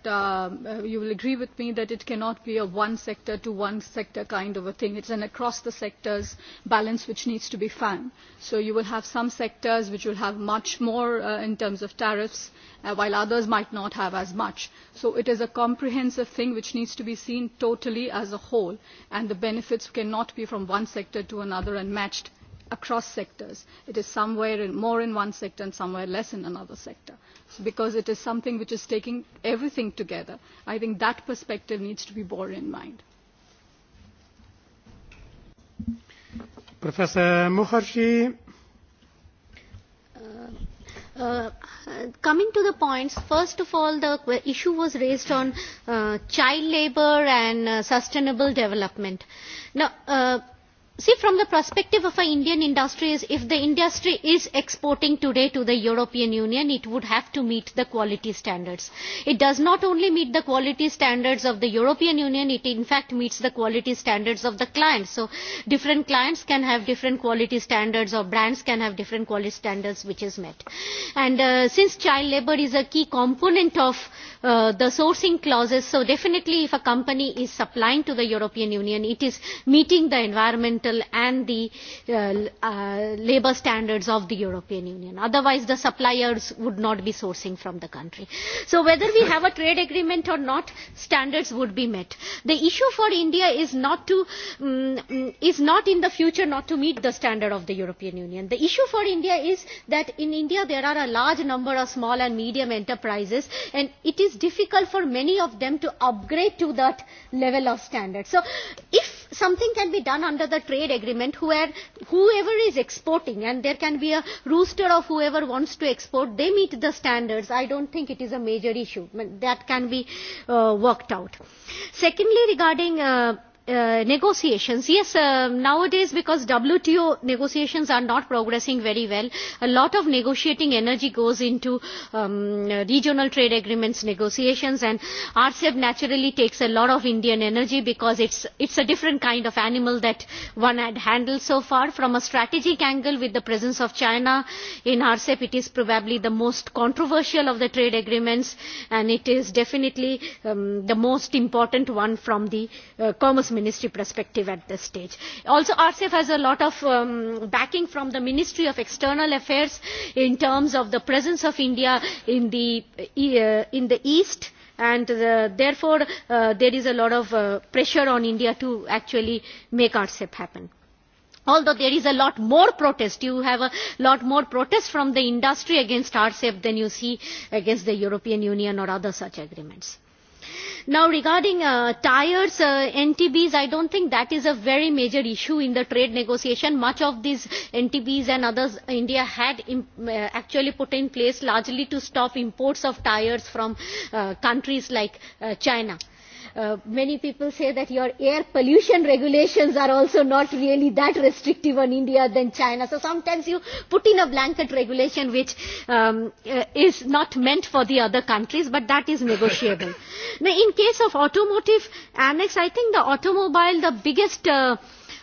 Speaker 3: you will agree with me that it cannot be a one sector to one sector kind of a thing. It's an across the sectors balance which needs to be found. So you will have some sectors which will have much more in terms of tariffs, while others might not have as much. So it is a comprehensive thing which needs to be seen totally as a whole, and the benefits cannot be from one sector to another and matched across sectors. It is somewhere more in one sector and somewhere less in another sector. Because it is something which is taking everything together. I think that perspective needs to be borne in mind.
Speaker 1: Professor Mukherjee.
Speaker 4: Coming to the points, first of all, the issue was raised on child labour and sustainable development. Now, see from the perspective of an indian industry is if the industry is exporting today to the european union it would have to meet the quality standards it does not only meet the quality standards of the european union it in fact meets the quality standards of the clients so different clients can have different quality standards or brands can have different quality standards which is met and since child labor is a key component of the sourcing clauses. So definitely if a company is supplying to the European Union, it is meeting the environmental and the labour standards of the European Union. Otherwise the suppliers would not be sourcing from the country. So whether we have a trade agreement or not, standards would be met. The issue for India is not to is not in the future not to meet the standard of the European Union. The issue for India is that in India there are a large number of small and medium enterprises and it is is difficult for many of them to upgrade to that level of standard. So if something can be done under the trade agreement where whoever is exporting and there can be a rooster of whoever wants to export, they meet the standards. I don't think it is a major issue. That can be worked out. Secondly, regarding negotiations yes nowadays because wto negotiations are not progressing very well a lot of negotiating energy goes into regional trade agreements negotiations and rcep naturally takes a lot of indian energy because it's it's a different kind of animal that one had handled so far from a strategic angle with the presence of china in rcep it is probably the most controversial of the trade agreements and it is definitely the most important one from the commerce ministry perspective at this stage. Also, RCF has a lot of backing from the Ministry of External Affairs in terms of the presence of India in the East and therefore there is a lot of pressure on India to actually make RCEP happen. Although there is a lot more protest, you have a lot more protest from the industry against RCEP than you see against the European Union or other such agreements. Now, regarding tires, NTBs, I don't think that is a very major issue in the trade negotiation. Much of these NTBs and others India had actually put in place largely to stop imports of tires from countries like China. Many people say that your air pollution regulations are also not really that restrictive on India than China. So sometimes you put in a blanket regulation which is not meant for the other countries, but that is negotiable. Now, in case of automotive annex, I think the automobile, the biggest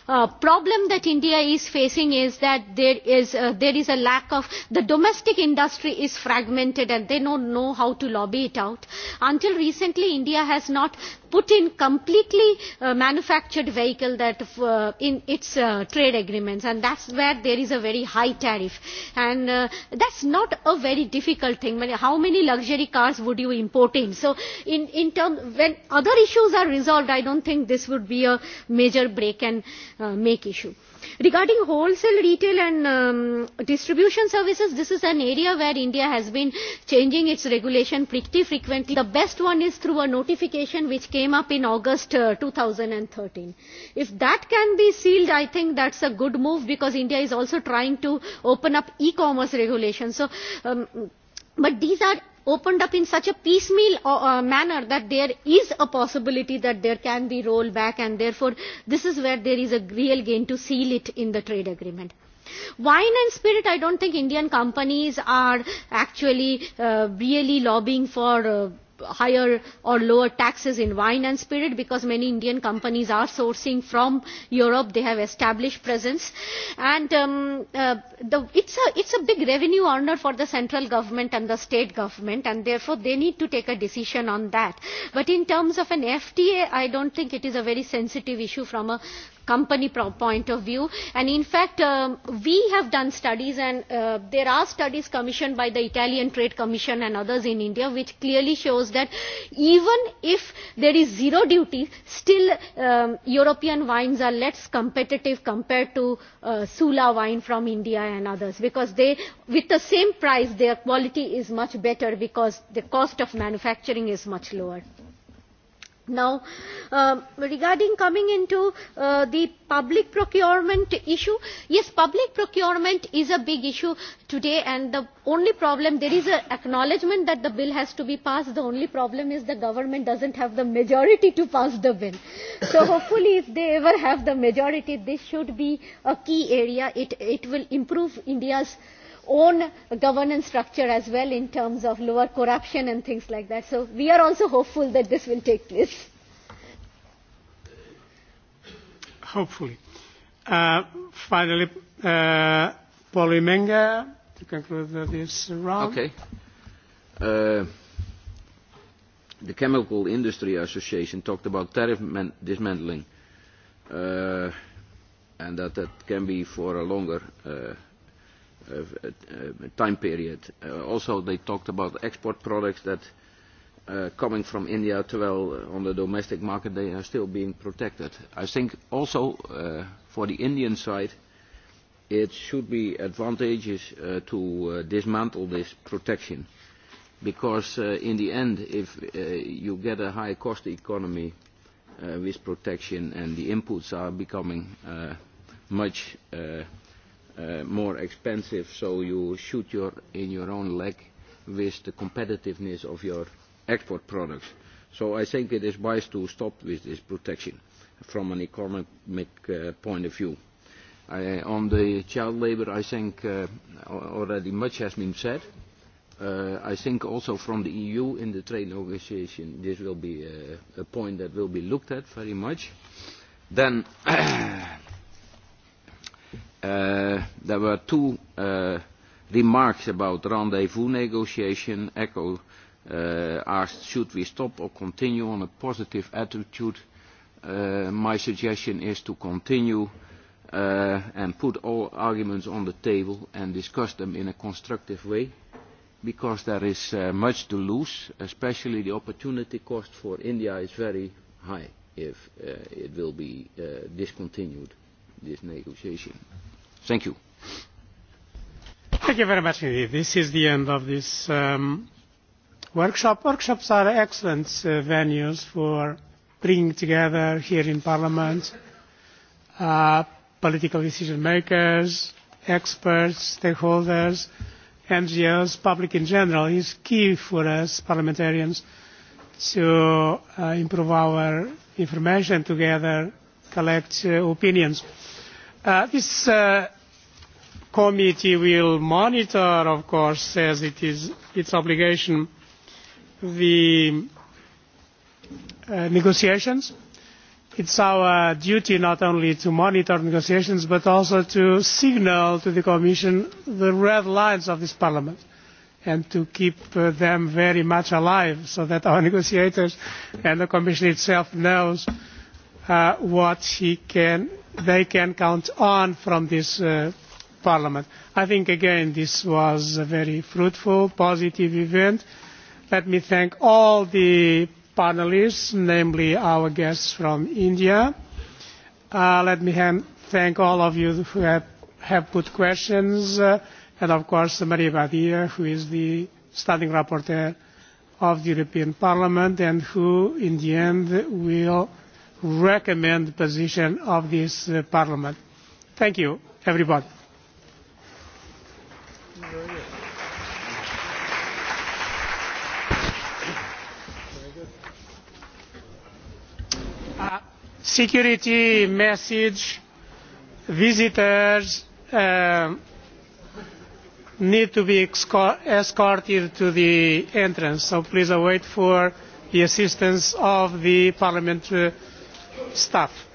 Speaker 4: problem that India is facing is that there is a lack of the domestic industry is fragmented and they don't know how to lobby it out. Until recently, India has not put in completely manufactured vehicle that in its trade agreements and that's where there is a very high tariff and that's not a very difficult thing how many luxury cars would you import in so in in term when other issues are resolved i don't think this would be a major break and make issue Regarding wholesale retail and distribution services, this is an area where India has been changing its regulation pretty frequently. The best one is through a notification which came up in August 2013. If that can be sealed, I think that's a good move because India is also trying to open up e-commerce regulation. So, but these are opened up in such a piecemeal manner that there is a possibility that there can be back and therefore this is where there is a real gain to seal it in the trade agreement. Wine and spirit, I don't think Indian companies are actually really lobbying for higher or lower taxes in wine and spirit because many Indian companies are sourcing from Europe. They have established presence. And the it's a big revenue earner for the central government and the state government and therefore they need to take a decision on that. But in terms of an FTA, I don't think it is a very sensitive issue from a company point of view and in fact we have done studies and there are studies commissioned by the Italian Trade Commission and others in India which clearly shows that even if there is zero duty still European wines are less competitive compared to Sula wine from India and others because they with the same price their quality is much better because the cost of manufacturing is much lower. Now, regarding coming into the public procurement issue, yes, public procurement is a big issue today and the only problem, there is an acknowledgement that the bill has to be passed. The only problem is the government doesn't have the majority to pass the bill. So hopefully if they ever have the majority, this should be a key area. It will improve India's own governance structure as well in terms of lower corruption and things like that. So we are also hopeful that this will take place.
Speaker 1: Hopefully. Finally, Paul Menga to conclude this round. Okay.
Speaker 5: The Chemical Industry Association talked about tariff dismantling and that that can be for a longer time period. Also, they talked about export products that coming from India, well on the domestic market they are still being protected. I think also for the Indian side it should be advantageous to dismantle this protection because in the end if you get a high cost economy with protection and the inputs are becoming much more expensive, so you shoot your in your own leg with the competitiveness of your export products. So I think it is wise to stop with this protection from an economic point of view. On the child labour, I think already much has been said. I think also from the EU in the trade negotiation, this will be a point that will be looked at very much. Then There were two remarks about rendezvous negotiation. Echo asked, should we stop or continue on a positive attitude? My suggestion is to continue and put all arguments on the table and discuss them in a constructive way, because there is much to lose, especially the opportunity cost for India is very high if it will be discontinued, this negotiation. Thank you.
Speaker 1: Thank you very much indeed. This is the end of this workshop. Workshops are excellent venues for bringing together here in Parliament political decision makers, experts, stakeholders, NGOs, public in general. is key for us parliamentarians to improve our information together, collect opinions. This committee will monitor, of course, as it is its obligation, the negotiations. It's our duty not only to monitor negotiations, but also to signal to the Commission the red lines of this Parliament and to keep them very much alive so that our negotiators and the Commission itself knows what he can they can count on from this Parliament. I think again this was a very fruitful, positive event. Let me thank all the panelists, namely our guests from India. Let me thank all of you who have put questions and of course Maria Badia, who is the standing rapporteur of the European Parliament and who in the end will recommend the position of this Parliament. Thank you, everybody. security message visitors need to be escorted to the entrance so please await for the assistance of the parliamentary staff.